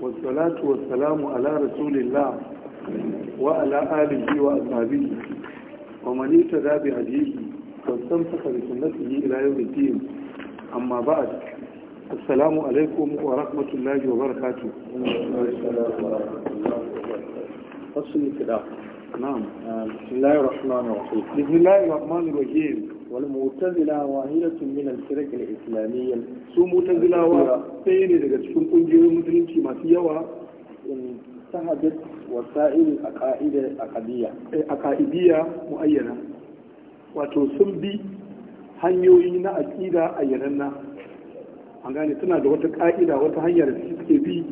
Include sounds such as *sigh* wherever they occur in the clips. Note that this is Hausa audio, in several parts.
والصلاة والسلام على رسول الله وعلى آله وأصحابه ومن اهتدى بهديه واستمسك بسنته إلى يوم الدين أما بعد السلام عليكم ورحمة الله وبركاته فصل الكلام نعم بسم الله الرحمن الرحيم بسم الله الرحمن الرحيم والمعتزله واحدة من الفرق الاسلاميه سو معتزلة وسيني daga cikin kungiyoyin musulunci masu yawa in sahabat wasa'il aqaida aqadiyya aqaidiyya muayyana wato sun bi hanyoyi na aqida ayyana. an gane suna da wata ka'ida wata hanya da suke bi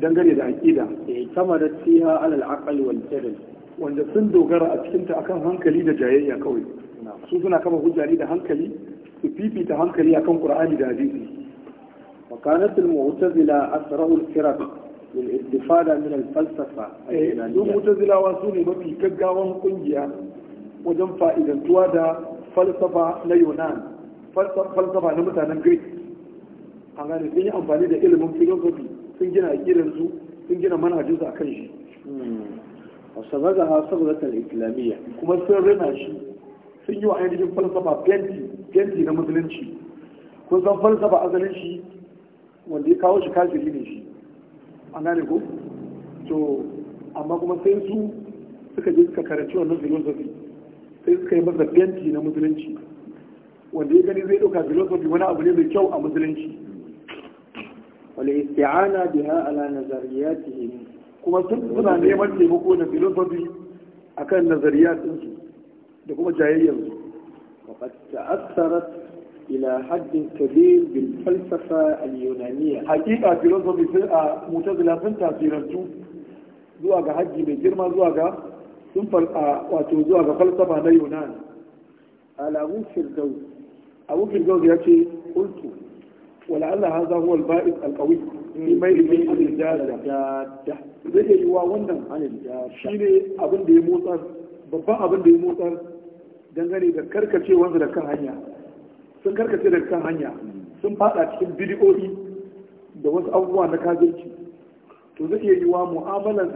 dangane da aqida eh kama da tiha alal aqal wal jadal wanda sun dogara a cikinta akan hankali da jayayya kawai su suna kama hujja ne da hankali su fifita hankali akan qur'ani da hadisi wa kanat al mu'tazila asra'u al firaq lil istifada min al falsafa su eh, mu'tazila su ne mafi gaggawan kungiya wajen fa'idantuwa da falsafa na yunan falsafa na mutanen greek an gane sun yi amfani da ilimin philosophy sun gina su sun gina manhajin a kan shi hmm. wasu baza ha saboda islamiyya kuma sun rina shi sun yi wa ainihin falsafa genti na musulunci kun san falsafa asalin shi wanda ya kawo shi kafiri ne shi an gane ko to amma kuma sai su suka je suka karanci wannan filosofi sai suka yi masa genti na musulunci wanda ya gani zai ɗauka filosofi wani abu ne mai kyau a musulunci wale isti'ana biha ala nazariyatihim kuma sun suna neman taimako na filosofi akan nazariyat su da kuma jayayyansu wakad ta asarar ila haddin kabir bin falsafa al-yunaniya hakika filosofi sai a mutar zila sun tasirantu zuwa ga haji mai girma zuwa ga sun falsa wato zuwa ga falsafa na yunani alamu firdaus abu ya ce kultu wala allah haza huwa al-ba'id al-qawi ni hmm. mai ilmi al-jada zai yi wa wannan shi ne abin da ya motsa babban abin da ya motsar dangane da karkacewansu da kan hanya sun karkace da kan hanya sun fada cikin bidiyoyi da wasu abubuwa na kajirci to zai iya yiwa mu'amalar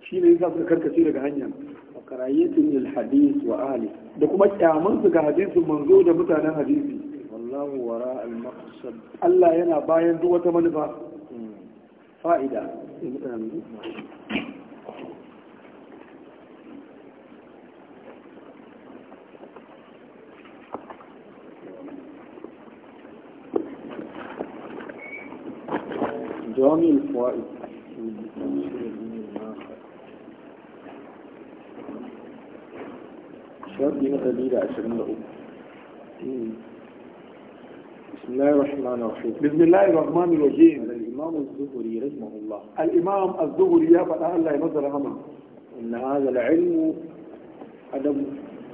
shi ne yasa suka karkace daga hanya a karayatun yin hadith wa ahli da kuma kyamansu ga hadisin manzo da mutanen hadisi wallahu wara al maqsad Allah yana bayan duk wata manufa hmm. fa'ida جامع الفوائد شابي عشر من لأوك بسم الله الرحمن الرحيم بسم الله الرحمن الرحيم الإمام الزهري رحمه الله الإمام الزهري يا فتاة الله يمزل همم إن هذا العلم أدب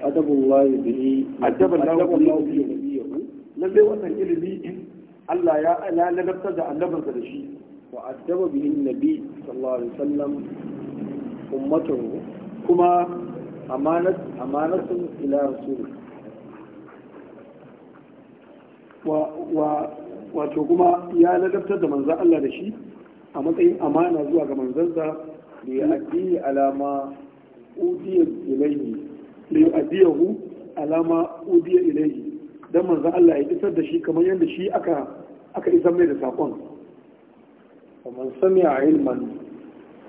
أدب الله به أدب الله به نبيه لم يوصل إلى الله يا لا نبتدأ أن ده شيء وأدب به النبي صلى الله عليه وسلم أمته كما أمانة أمانة إلى رسوله wato kuma ya lagabtar da manzan Allah da shi a matsayin amana zuwa ga manzansa da ya addini alama udiyar ilaihi da ya addiyahu alama udiyar ilaihi don manzan Allah ya isar da shi kamar yadda shi aka isar mai da saƙon ومن سمع علما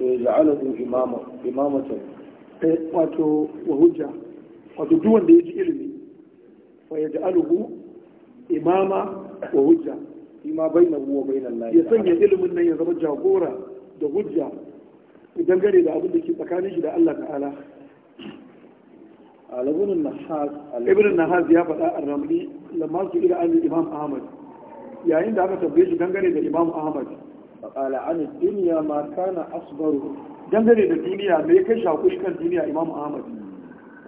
يجعله إماما إمامة wato wahujja wato duk ya ji ilimi fa ya ja'aluhu imama wa أن ya sanya ilimin nan ya zama jagora da hujja idan gare da abin da ke tsakanin shi da Allah ta'ala alabunin nahas ibn nahas ya faɗa a ramli lamma su ila imam ahmad yayin da aka tambaye shi dangane da imam ahmad faƙala an duniya ma kana asbaru dangane da duniya mai kai shakushi kan duniya imam ahmad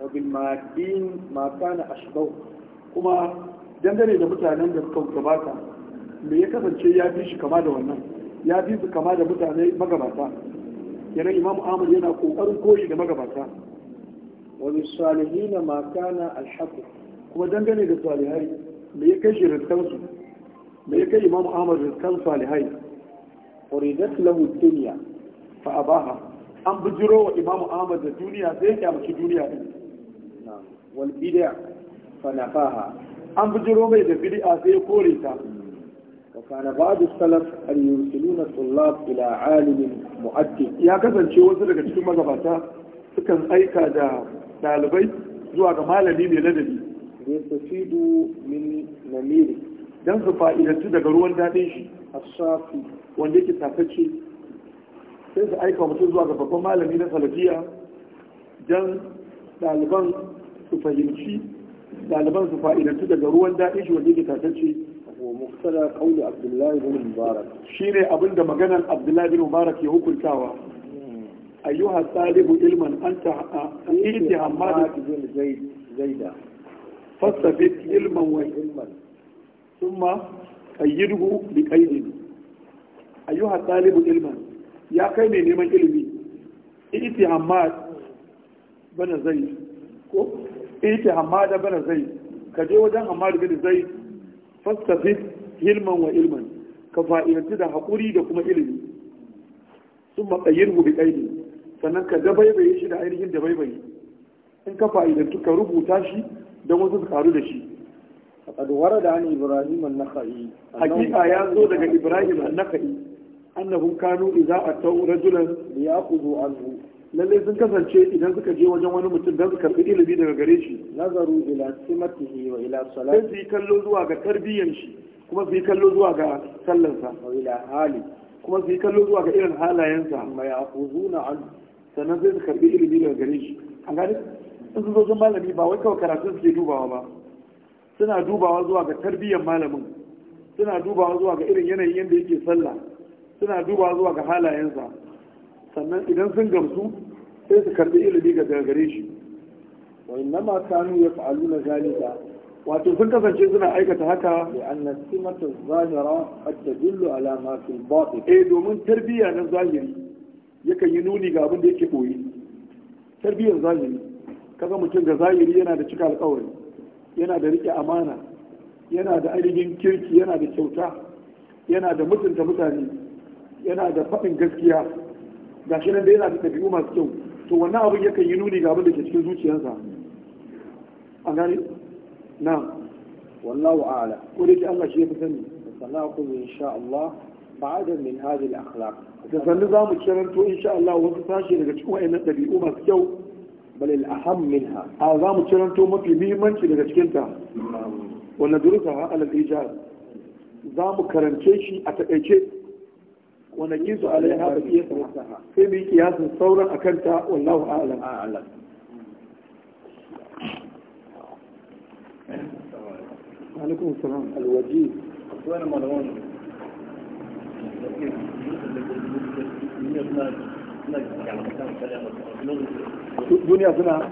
wa bil madin kuma dangane da mutanen da suka gabata me ya kasance ya fi shi kama da wannan ya fi su kama da magabata imam ahmad yana ƙoƙarin koshi da magabata Wani bil na ma kana kuma dangane da salihai me ya kai shi me ya kai imam ahmad rizkan salihai uridat lahu dunya fa abaha an bujiro wa imamu ahmad da duniya sai ya mace duniya din wal bid'a fa nafaha an bujiro mai da bid'a sai ya kore ta وكان بعض السلف أن يرسلون الطلاب إلى عالم مؤدب mu'addin. Ya kasance wasu daga cikin magabata sukan aika da dalibai zuwa ga malami mai ladabi yastafidu min namiri dan su fa'idatu daga ruwan dadin shi asafi wanda yake tafacce sai su aika mutum zuwa ga babban malami na salafiya don ɗaliban su fahimci ɗaliban su fa'idantu daga ruwan daɗin shi wanda yake tafacce wa muftada qawli abdullahi bin mubarak shine maganar abdullahi bin mubarak ya hukuntawa hmm. ayyuha talibu ilman anta iti hamad bin zaida fastabit ilman wa ilman thumma qayyiduhu bi ayyuha talibu ilman ya kai mai neman ilimi iti hamad bana zai ko iti hamada bana zai ka je wajen hamad bin zai fastafid hilman wa ilman ka fa'ilanci da haƙuri da kuma ilimi sun maƙayyar bi ƙaini sannan ka dabaibaye shi da ainihin dabaibaye in ka fa'ilanci ka rubuta shi don wasu su karu da shi A da فقد ورد عن Hakika ya zo daga زود إبراهيم النخعي annahum kanu idza atau rajulan liyaqudu anhu lalle sun kasance idan suka je wajen wani mutum dan su karbi ilimi daga gare shi nazaru ila simatihi wa ila salati sai kallo zuwa ga tarbiyyan shi kuma sai kallo zuwa ga sallansa wa ila hali kuma sai kallo zuwa ga irin halayensa amma ya khuzuna an sannan sai su karbi ilimi daga gare shi an gani in sun zo wajen malami ba wai kawai karatun suke dubawa ba suna dubawa zuwa ga tarbiyyan malamin suna dubawa zuwa ga irin yanayin yadda yake sallah suna duba zuwa ga halayensa sannan idan sun gamsu sai su karbi ilimi ga gargare shi wa ya kanu na zalika wato sun kasance suna aikata haka da annan simatar zahira qad tadullu ala ma batin eh domin tarbiyya na zahiri yakan yi nuni ga abin da yake koyi tarbiyyar zahiri kaga mutum da zahiri yana da cika alƙawari yana da rike amana yana da ainihin kirki yana da kyauta yana da mutunta mutane yana da faɗin gaskiya ga shi nan da yana da ɗabi'u masu kyau to wannan abin yakan yi nuni ga abin da ke cikin zuciyarsa a gani na wallahu a'ala ko da ke Allah shi ya fi sani sana'u sha Allah ba'ada min hajji da akhlaq da sannu to kiranto sha Allah wasu sashi daga cikin na ɗabi'u masu kyau bal al-aham minha a kiran kiranto mafi muhimmanci daga cikin ta wannan durusa ala al-ijaz mu karance shi a taƙaice ونجيز عليها بقية في مقياس الثورة أكلت والله أعلم أعلم عليكم السلام الوجيز أخوانا مروان دنيا سنة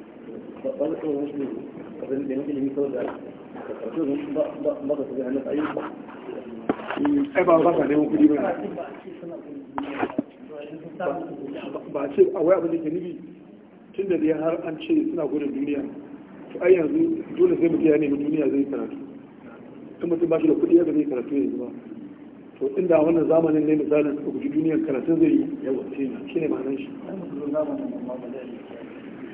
babban kan wani abin da nake limi kawai da ba ka ai ba ba ka neman kuɗi ba ba ce a wai abin da ke nufi tun da dai har an ce suna gudun duniya to ai yanzu dole sai mutum ya nemi duniya zai karatu in mutum ba shi da kuɗi yadda zai karatu yanzu ba to inda wannan zamanin ne misalin suka guji duniyar karatun zai yi yawa shi ne ma'anar shi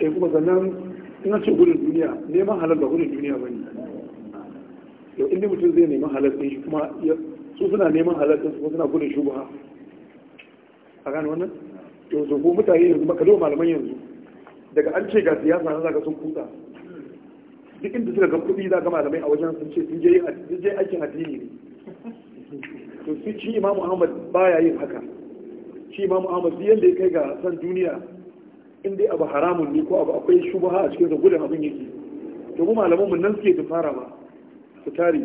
eh kuma sannan ina ce gudun duniya neman halar ba gudun duniya ba ne yau inda mutum zai neman halar sun shi kuma su suna neman halar sun su suna gudun shubha a gane wannan yau su mutane yanzu maka zo malaman yanzu daga an ce ga siyasa na zaka sun kuta duk inda suka ga kuɗi za ga malamai a wajen sun ce sun je aikin addini ne to shi imamu ahmad baya yin haka shi imamu ahmad duk yanda ya kai ga san duniya in dai abu haramun ne ko abu akwai shubaha a cikin gudun abin yake to mu malaman mun nan suke ta fara ba su tare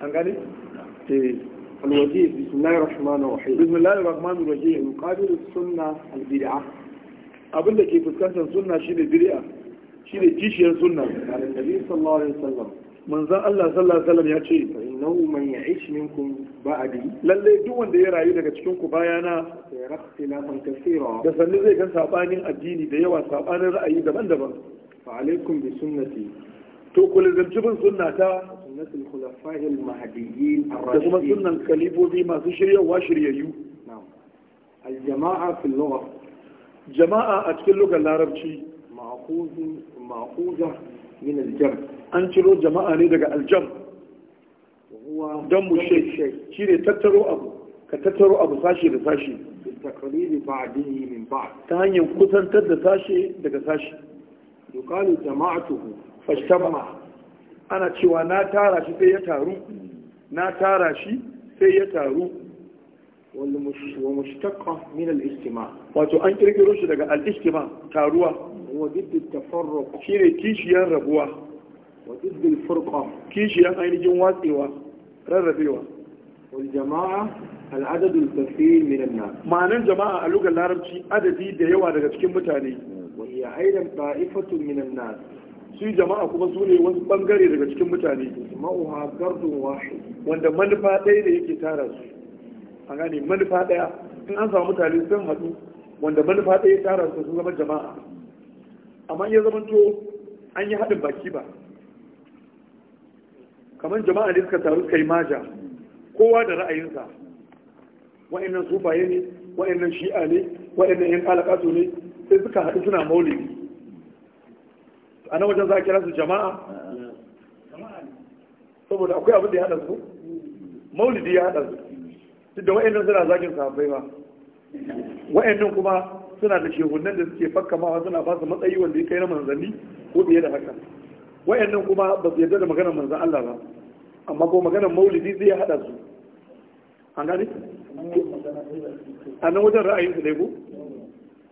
an gane eh الوجيه بسم الله الرحمن الرحيم بسم الله الرحمن الرحيم مقابل السنة البدعة abin da ke fuskantar sunna shine bid'a shine kishiyar sunna da Annabi sallallahu alaihi wasallam manzan Allah sallallahu alaihi wasallam ya ce innahu man ya'ish minkum ba'di lalle duk wanda ya rayu daga cikin ku bayana ya rafsila man kaseera da sanni zai ga sabanin addini da yawa sabanin ra'ayi daban-daban fa alaikum bi sunnati to ku lazimci bin sunnata sunnatul khulafa'il mahdiyyin da kuma sunnan kalifofi masu shiryawa shiryayyu na'am al-jama'a fil lugha jama'a a cikin lugar larabci ma'khuzun ma'khuza min al-jar' an ciro jama'a ne daga aljam don mu shi ne tattaro abu ka tattaro abu sashe da sashe ta hanyar kusantar da sashe daga sashe yukalu jama'atuhu fashtama ana cewa na tara shi sai ya taru na tara shi sai ya taru wa mushtaqqa min al-ijtima wato an kirkiro shi daga al-ijtima taruwa wa didd at Shi ne kishiyar rabuwa wa iddil furqa ainihin watsewa rarrabewa wal jama'a al adadul kathir min an nas jama'a a lugar larabci adadi da yawa daga cikin mutane Wani ya aidan ta'ifatun min an nas su jama'a kuma su ne wasu ɓangare daga cikin mutane ma'uha gardun wahid wanda manufa ɗaya da yake tara su a gane manufa ɗaya in an samu mutane sun haɗu wanda manufa ɗaya tara su sun zama jama'a amma ya zama to an yi haɗin baki ba kamar jama'a ne suka taru kai maja kowa da ra'ayinsa wa'annan sufaye ne wa'annan shi'a ne wa'annan yan alaƙato ne sai suka haɗu suna maulidi a nan wajen za a kira su jama'a saboda akwai abin da ya haɗa su maulidi ya haɗa su duk da wa'annan suna zagin sahabbai ba wa'annan kuma suna da shehunan da suke fakkamawa suna ba su matsayi wanda ya kai na manzanni ko biye da haka nan kuma ba su yadda da maganar manzan Allah ba amma ko maganar maulidi zai hada su an gani a nan wajen ra'ayin su ne ko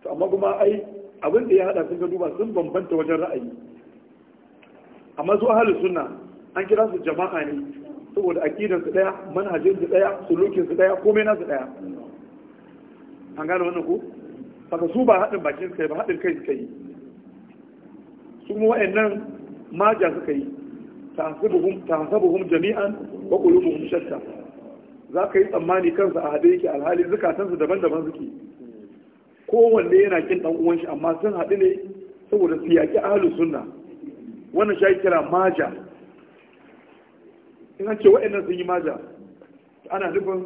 to amma kuma ai abin da ya hada sun ga duba sun bambanta wajen ra'ayi amma zuwa halin suna an kira su jama'a ne saboda aqidar su daya manhajin su daya sulukin su daya komai nasu daya an gane wannan ko saka su ba haɗin bakin su kai ba haɗin kai su kai su kuma wa'annan maja suka yi tahsabuhum jami'an wa qulubuhum shatta za ka yi tsammani kansa a haɗe yake alhali zukatansu daban-daban suke kowanne yana kin ɗan uwan shi amma sun haɗu ne saboda su yaƙi ahlus sunna wannan shi kira maja in an ce wa'annan sun yi maja ana nufin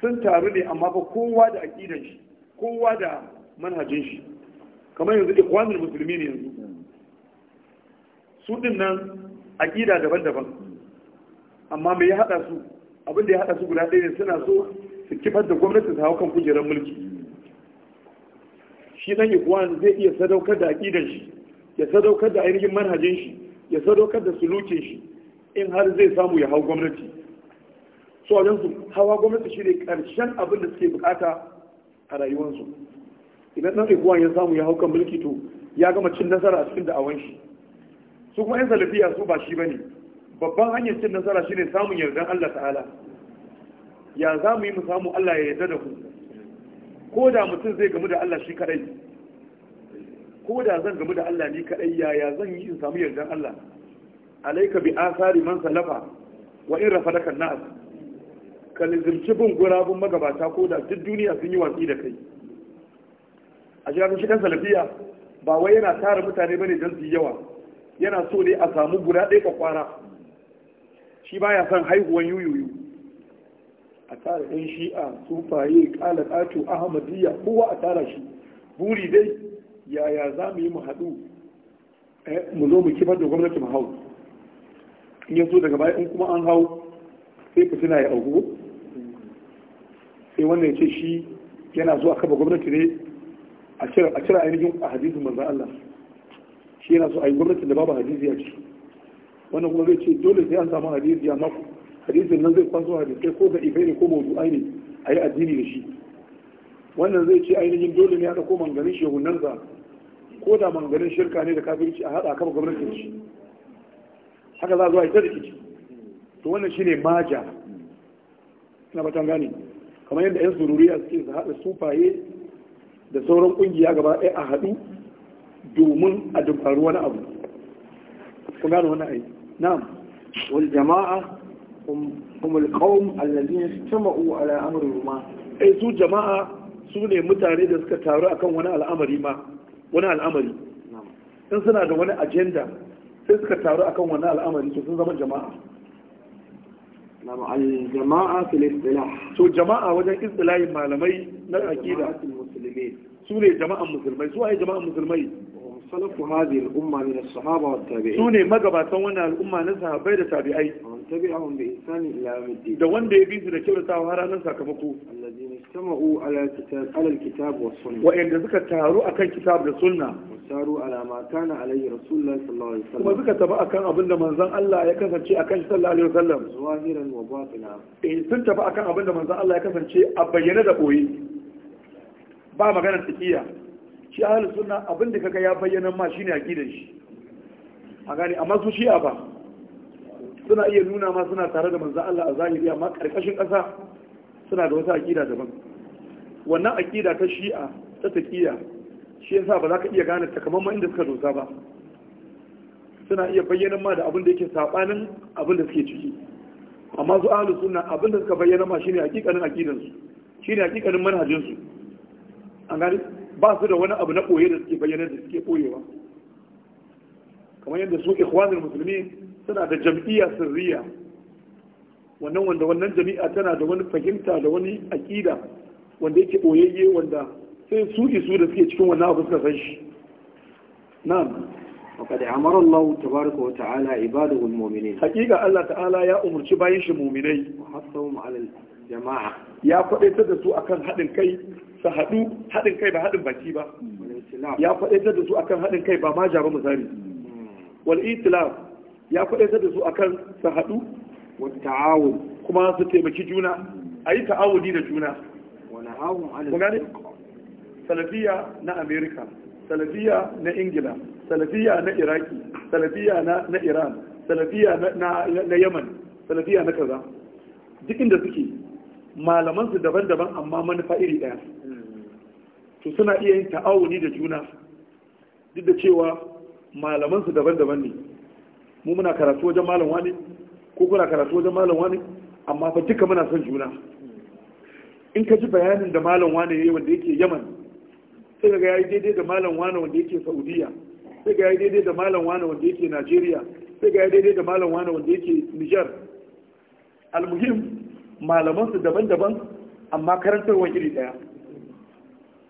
sun taru ne amma fa kowa da aƙidan shi kowa da manhajin shi kamar yanzu ikwanul musulmi ne yanzu su din nan aƙida daban-daban amma me ya haɗa su abin da ya haɗa su guda ɗaya ne suna so su kifar da gwamnati su hau kujerar mulki shi ɗan ikuwan zai iya sadaukar da aƙidar shi ya sadaukar da ainihin manhajin shi ya sadaukar da sulukin shi in har zai samu ya hau gwamnati su a su hawa gwamnati shi ne ƙarshen abin da suke bukata a rayuwarsu idan ɗan ikuwan ya samu ya hau kan mulki to ya gama cin nasara a cikin da'awan shi su kuma 'yan salafiya su ba shi ba ne babban hanyar cin nasara shi ne samun yardar Allah ta'ala ya za mu yi mu samu Allah ya yarda da ku? ko da mutum zai gamu da Allah shi kadai ko da zan gamu da Allah ni kadai yaya zan yi in samu yardan Allah alaika bi asari man salafa wa in rafadaka nas ka lizimci bin gurabun magabata ko da duk duniya sun yi watsi da kai a shi kan salafiya ba wai yana tara mutane bane don su yi yawa yana so ne a samu guda ɗaya ka kwara shi ya san haihuwan yuyuyu a tara ɗan shi'a tsufaye ƙala ƙato ahamadiyya kowa a tara shi buri dai yaya za mu yi mu haɗu eh, mu zo mu kifar da gwamnati mu hau in ya daga baya in kuma an hau sai suna ya auku sai wannan ya ce shi yana zuwa kafa gwamnati ne a cire ainihin a hadisin manzan Allah shi yana so a yi gwamnatin da babu hadisi a ciki wannan kuma zai ce dole sai an samu hadisi maku hadisin nan zai kwaso hadisai ko ga ibai ne ko mawdu'ai ne a yi addini da shi wannan zai ce ainihin dole ne haɗa ko manganin shehunansa ko da manganin shirka ne da kafirci a haɗa kama gwamnatin shi haka za a zo a yi ta rikici to wannan shine maja na batan gane kamar yadda yan sururiya suke su haɗa sufaye da sauran ƙungiya gaba ɗaya a haɗu domin a dumfari wani abu kun gano wani aiki na'am wal jama'a kuma القوم الذين اجتمعوا al'amarin ruma ما اي su jama'a su ne mutane da suka taru akan wani al'amari ma wani al'amari in suna da wani ajenda sai suka taru akan wani al'amari to sun zama jama'a al jama'a fil istilah to jama'a wajen istilahin malamai na aqida su ne jama'an musulmai su waye jama'an musulmai salafu hadhihi al-umma min as-sahaba wa tabi'in su ne magabatan wannan al'umma na sahabbai da tabi'ai tabi'ahum bi ihsani ila yawmiddin da wanda ya bi su da kyautatawa har ranar sakamako alladhina istama'u ala kitab ala al-kitab wa sunnah wa inda suka taru akan kitab da sunna taru ala ma kana alayhi rasulullahi sallallahu alaihi wasallam kuma suka tabi akan abin da manzon Allah ya kasance akan sallallahu alaihi wasallam zahiran wa batina eh sun tabi akan abin da manzon Allah ya kasance a bayyane da boye ba maganar tsakiya shi ahalus suna abin da kaga ya bayyana ma shine aqidar shi a gani amma su shi'a ba suna iya nuna ma suna tare da manzo Allah a zahiri amma karkashin ƙasa suna da wata aqida daban wannan aqida ta shi'a ta taqiya shi yasa ba za ka iya gane takamaiman inda suka dosa ba suna iya bayyana ma da abin da yake sabanin abin da suke ciki amma su ahlus suna abin da suka bayyana ma shine hakikanin aqidansu shine hakikanin manhajinsu ba su da wani abu na koye da suke bayyana da suke koyewa kamar yadda su ikhwanul musulmi suna da jam'iyya sirriya wannan wanda wannan jami'a tana da wani fahimta da wani aƙida wanda yake ɓoyayye wanda sai su isu da suke cikin wannan abu suka san shi na'am وقد أمر الله تبارك وتعالى عباده المؤمنين حقيقة الله تعالى يا أمر شبايش مؤمنين وحثهم jama'a. Ya faɗaita da su akan haɗin kai. su haɗu haɗin kai ba haɗin baki ba ya faɗaitar da su akan haɗin kai ba maja ba misali wal islam ya faɗaitar da su akan su haɗu wa ta'awun kuma su taimaki juna a yi ta'awuni da juna kun salafiya na Amerika, salafiya na ingila salafiya na iraki salafiya na iran salafiya na yaman salafiya na kaza duk inda suke malamansu daban-daban amma manufa iri ɗaya to suna iya yin ta'awuni da juna duk da cewa malamansu daban-daban ne mu muna karatu wajen malam wani ko kuna karatu wajen malam wani amma fa duka muna son juna in ka ji bayanin da malam wani yayi wanda yake yaman sai ga yayi daidai da malam wani wanda yake saudiya sai ga yayi daidai da malam wani wanda yake najeriya sai ga yayi daidai da malam wani wanda yake niger almuhim malamansu daban-daban amma karantarwa iri daya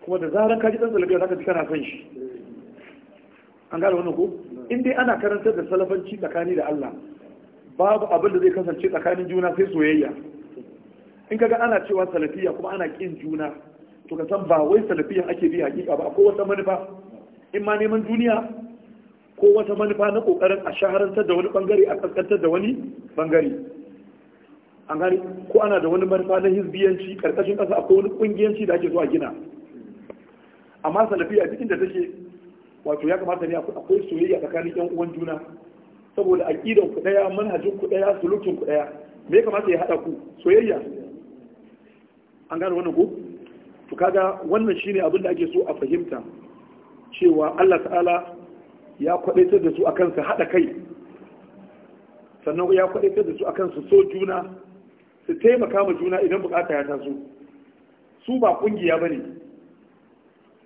kuma da zarar ka ji dan salafiya zaka ji kana son shi an gane wannan ko in dai ana karantar da salafanci tsakani da Allah babu abin da zai kasance tsakanin juna sai soyayya in kaga ana cewa salafiya kuma ana kin juna to ka san ba wai salafiyan ake bi hakika ba ko wata manufa in ma neman duniya ko wata manufa na kokarin a shaharantar da wani bangare a kaskantar da wani bangare an gani ko ana da wani manufa na hizbiyanci karkashin kasa akwai wani kungiyanci da ake so a gina amma salafiya cikin da take wato ya kamata ne akwai soyayya tsakanin yan uwan juna saboda aqidan ku daya manhajin ku daya sulukin ku daya me ya kamata ya hada ku soyayya an gane wannan ko to kaga wannan shine abin da ake so a fahimta cewa Allah ta'ala ya kwadaitar da su akan su hada kai sannan ya kwadaitar da su akan su so juna su taimaka ma juna idan bukata ya taso su ba kungiya bane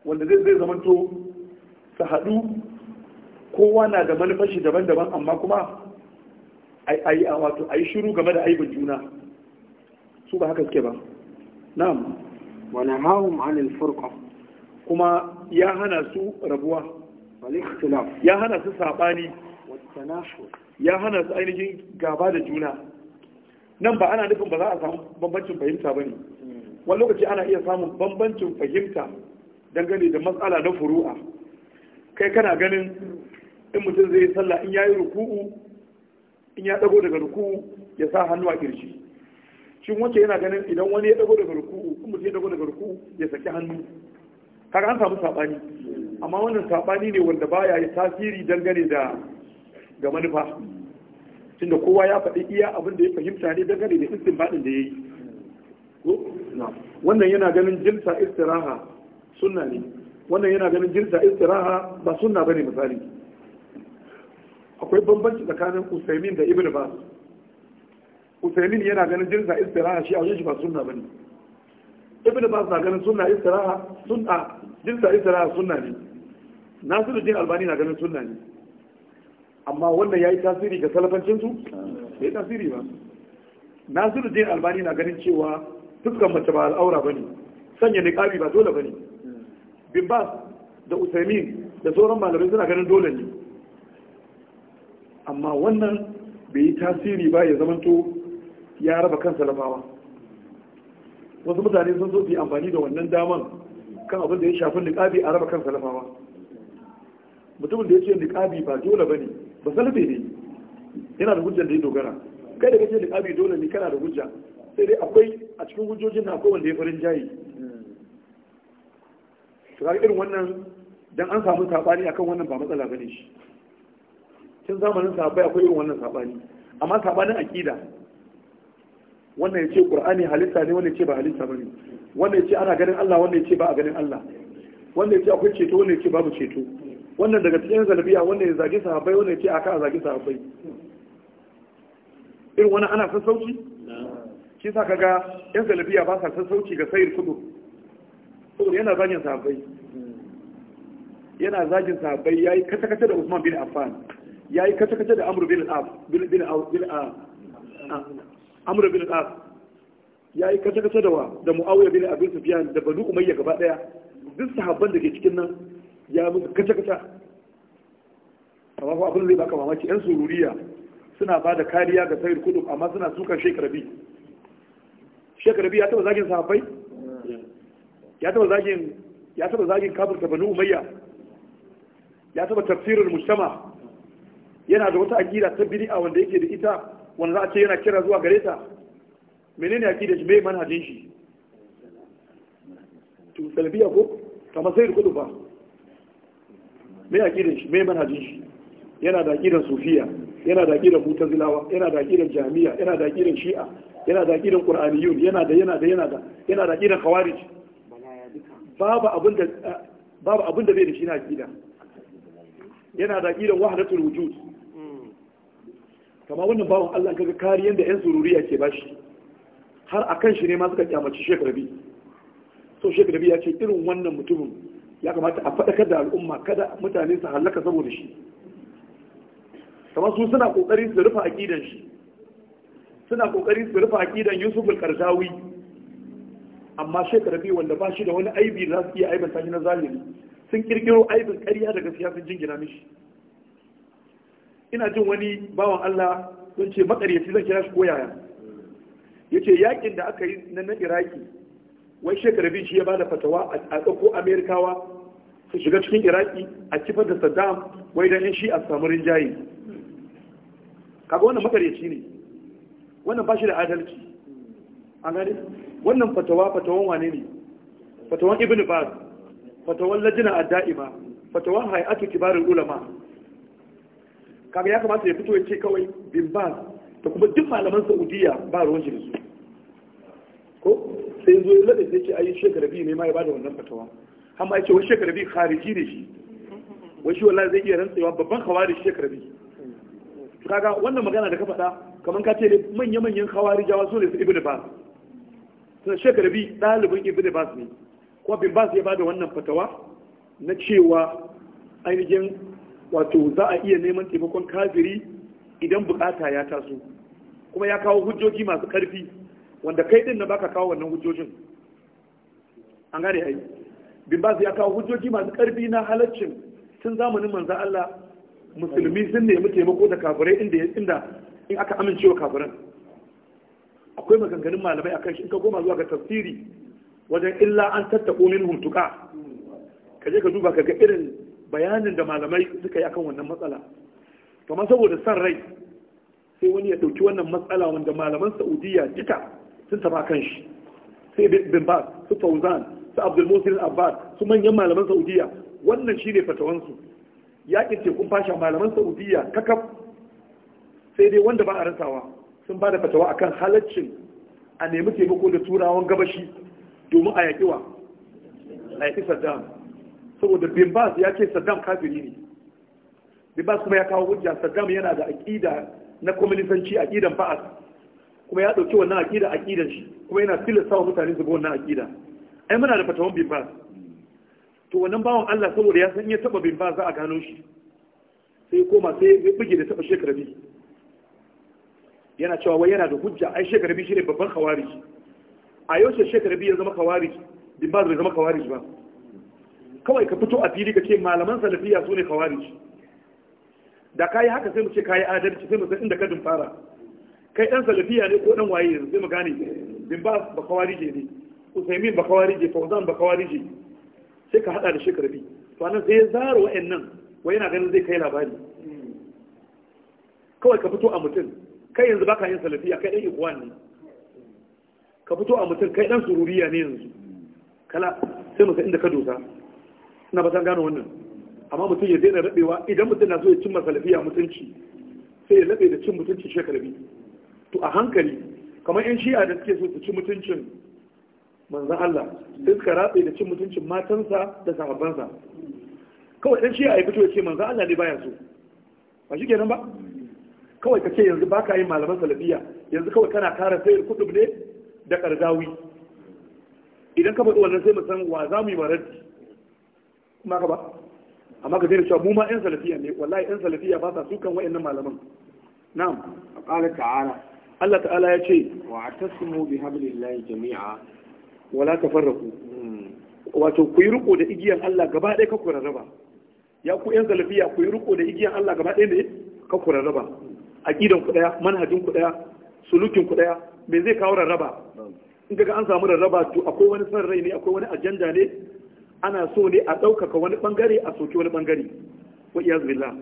wanda zai zai zamanto su haɗu kowa na da manufashi daban-daban amma kuma a yi wato a yi shiru game da aibin juna su ba haka suke ba na'am wani hahun anil furqa kuma ya hana su rabuwa ya hana su saɓani ya hana su ainihin gaba da juna nan ba ana nufin ba za a samu bambancin fahimta ba ne hmm. wani lokaci ana iya samun bambancin fahimta dangane da matsala na furu'a kai kana ganin in mutum zai yi sallah in yayi ruku'u in ya dago daga ruku'u ya sa hannu a kirji shin wacce yana ganin idan wani ya dago daga ruku'u in mutum ya dago daga ruku'u ya saki hannu kaga an samu sabani amma wannan sabani ne wanda baya ya tasiri dangane da ga manufa tunda kowa ya faɗi iya abin da ya fahimta ne dangane da istinbadin da ya yi. wannan yana ganin jilsa istiraha sunna ne wannan yana ganin jirta istiraha ba sunna bane misali akwai bambanci tsakanin usaimin da ibn bas usaimin yana ganin jirta istiraha shi a wajen shi ba sunna bane ibn bas na ganin sunna istiraha sunna jirta istiraha sunna ne nasiruddin albani na ganin sunna ne amma wannan yayi tasiri ga salafancin su bai tasiri ba nasiruddin albani na ganin cewa dukkan mace ba al'aura bane sanya niqabi ba dole bane bin bas da usaimin da sauran malamai suna ganin dole ne amma wannan bai yi tasiri ba ya zamanto ya raba kan salafawa wasu mutane sun zo su yi amfani da wannan daman kan abin da ya shafi niƙabi a raba kan salafawa mutumin da ya ce niƙabi ba dole ba ne ba salafi ne yana da hujjar da ya dogara kai da kace niƙabi dole ne kana da hujja sai dai akwai a cikin hujjojin na akwai wanda ya farin jayi to kaga irin wannan dan an samu sabani akan wannan ba matsala bane shi tun zamanin sahabbai akwai irin wannan sabani amma sabanin aqida wannan yace qur'ani halitta ne wannan yace ba halitta bane wannan yace ana ganin Allah wannan yace ba a ganin Allah wannan yace akwai ceto wannan yace babu ceto wannan daga cikin zalbiya wannan ya zage sahabbai wannan yace aka zage sahabbai irin wannan ana sassauci shi sa kaga yan zalbiya ba sa sassauci ga sayar kudu saboda yana zagin sahabbai yana zagin sahabbai yayi kata kata da Usman bin Affan yayi kata kata da Amr bin al ya bin bin bin ah, ah, Amr bin al yayi kata kata da wa da Muawiya bin Abi Sufyan da Banu Umayya gaba daya duk sahabban da ke cikin nan ya musu kata kata amma ko abin zai baka mamaki yan sururiya suna ba da kariya ga sayar kudu amma suna sukan shekarabi shekarabi ya taba zagin sahabbai ya taba zagin ya taba kafirta banu umayya ya taba tafsirin mujtama yana da wata akida ta bid'a wanda yake da ita wanda za a ce yana kira zuwa gare ta menene akida shi me manhajin shi to salbiya ko kama sai kudu ba me akida shi me manhajin shi yana da akida sufiya yana da aqidar mutazilawa yana da akida jami'a yana da akida shi'a yana da akida qur'aniyun yana da yana da yana da yana da akida khawarij babu abin da da bai da shi na aqida yana da aqidan wahdatul wujud kama wannan bawon Allah kaga kariyan da yan zururiya ke bashi har a kan shi ne ma suka kyamaci Sheikh bi so Sheikh bi ya ce irin wannan mutumin ya kamata a faɗakar da al'umma kada mutane su hallaka saboda shi kamar su suna ƙoƙari su rufe aqidan shi suna kokarin su rufa aqidan Yusuf al-Qardawi amma shekarabi rabi wanda ba shi da wani aibi da za su iya aibanta shi na zalimi sun kirkiro aibin ƙarya daga gaskiya sun jingina mishi ina jin wani bawan Allah sun ce makaryaci zan kira shi koyaya. Ya ce yakin da aka yi na na Iraki wai shek rabi shi ya bada fatawa a ɗauko Amerikawa su shiga cikin Iraki a kifar da Saddam wai da shi a samu rinjaye kaga wannan makaryaci ne wannan ba shi da adalci an gani wannan fatawa fatawan wane ne fatawan ibn baz fatawan lajina a daima fatawan hay'atu kibarul ulama kaga ya kamata ya fito ya ce kawai bin baz da kuma duk malaman saudiya ba ruwan shi da su ko sai zo ya lade sai ce ayi shekara biyu ne ma ya bada wannan fatawa amma ya ce wai shekara biyu khariji ne shi wai shi wallahi zai iya rantsewa babban khawari shekara biyu kaga wannan magana da ka faɗa kamar ka ce manya manyan khawari jawa su ne su ibnu baz sun shek rabi ɗalibin ibn bas ne kuma bin bas ya bada wannan fatawa na cewa ainihin wato za a iya neman taimakon kafiri idan bukata ya taso kuma ya kawo hujjoji masu karfi wanda kai din na baka kawo wannan hujjojin an gane ai bin bas ya kawo hujjoji masu karfi na halaccin tun zamanin manzo Allah musulmi sun nemi taimako da kafirai inda inda in aka amincewa kafirai akwai maganganun malamai akan shi in ka koma zuwa ga tafsiri wajen illa an tattako min huntuka ka je ka duba ka ga irin bayanin da malamai suka yi akan wannan matsala kamar saboda san rai sai wani ya dauki wannan matsala wanda malaman saudiya duka sun taba kan shi sai bin bas su fauzan su abdul musin abbas su manyan malaman saudiya wannan shi ne fatawansu yakin tekun fasha malaman saudiya kakaf sai dai wanda ba a rasawa sun ba da fatawa akan halaccin a nemi taimako da turawan gabashi domin a yaƙiwa. a yaƙi saddam saboda bimbas ya ce saddam kafiri ne bimbas kuma ya kawo hujja saddam yana da aƙida na kwaminisanci aƙidan ba'as kuma ya ɗauki wannan aƙida aƙidan shi kuma yana tilasta wa mutane su bi wannan aƙida ai muna da fatawan bimbas to wannan bawan Allah saboda ya san iya taɓa bimbas za a gano shi sai koma sai ya buge da taɓa shekara biyu yana cewa wai yana da hujja ai shekarabi shi ne babban kawari a yau ce biyu ya zama kawari din ba zai zama kawari ba kawai ka fito a fili ka ce malaman salafiya su ne kawari da kayi haka sai mu ce kayi adalci sai mu san inda ka fara kai dan salafiya ne ko dan waye yanzu sai mu gane din ba ba kawari ne usaimin ba kawari ne fauzan ba kawari ne sai ka hada da biyu to anan sai ya zaro wa'annan wai yana ganin zai kai labari kawai ka fito a mutum kai yanzu baka yin salafiya kai dan ikwan ne ka fito a mutum kai dan sururiya ne yanzu kala sai mu san inda ka dosa ina ba san gano wannan amma mutum ya daina rabewa idan mutum na so ya cimma salafiya mutunci sai ya rabe da cin mutunci shi biyu to a hankali kamar yan shi'a da suke so su ci mutuncin manzan Allah sai suka rabe da cin mutuncin matansa da sahabbansa kawai dan shi'a ya fito ya ce manzan Allah ne baya so ba shi kenan ba kawai ka ce yanzu baka yin malaman salafiya yanzu kawai kana kara sayar kutub ne da kardawi idan ka faɗi wannan sai mu san wa za mu yi maraddi kuma ka ba amma ka daina cewa mu ma 'yan salafiya ne wallahi 'yan salafiya ba sa sukan wa'annan malaman na'am qala ta'ala Allah ta'ala ya ce wa atasimu bi hablillahi jami'a wala tafarraqu hmm. wato ku yi riko da igiyan Allah gaba ɗaya ka kurarraba ya ku 'yan salafiya ku yi riko da igiyan Allah gaba ɗaya ne ka kurarraba aqidan ku daya manhajin ku daya sulukin ku daya me zai kawo rarraba in kaga an samu rarraba to akwai wani san rai ne akwai wani ajanda ne ana so ne a ɗaukaka wani ɓangare a soki wani ɓangare? wa iyaz billah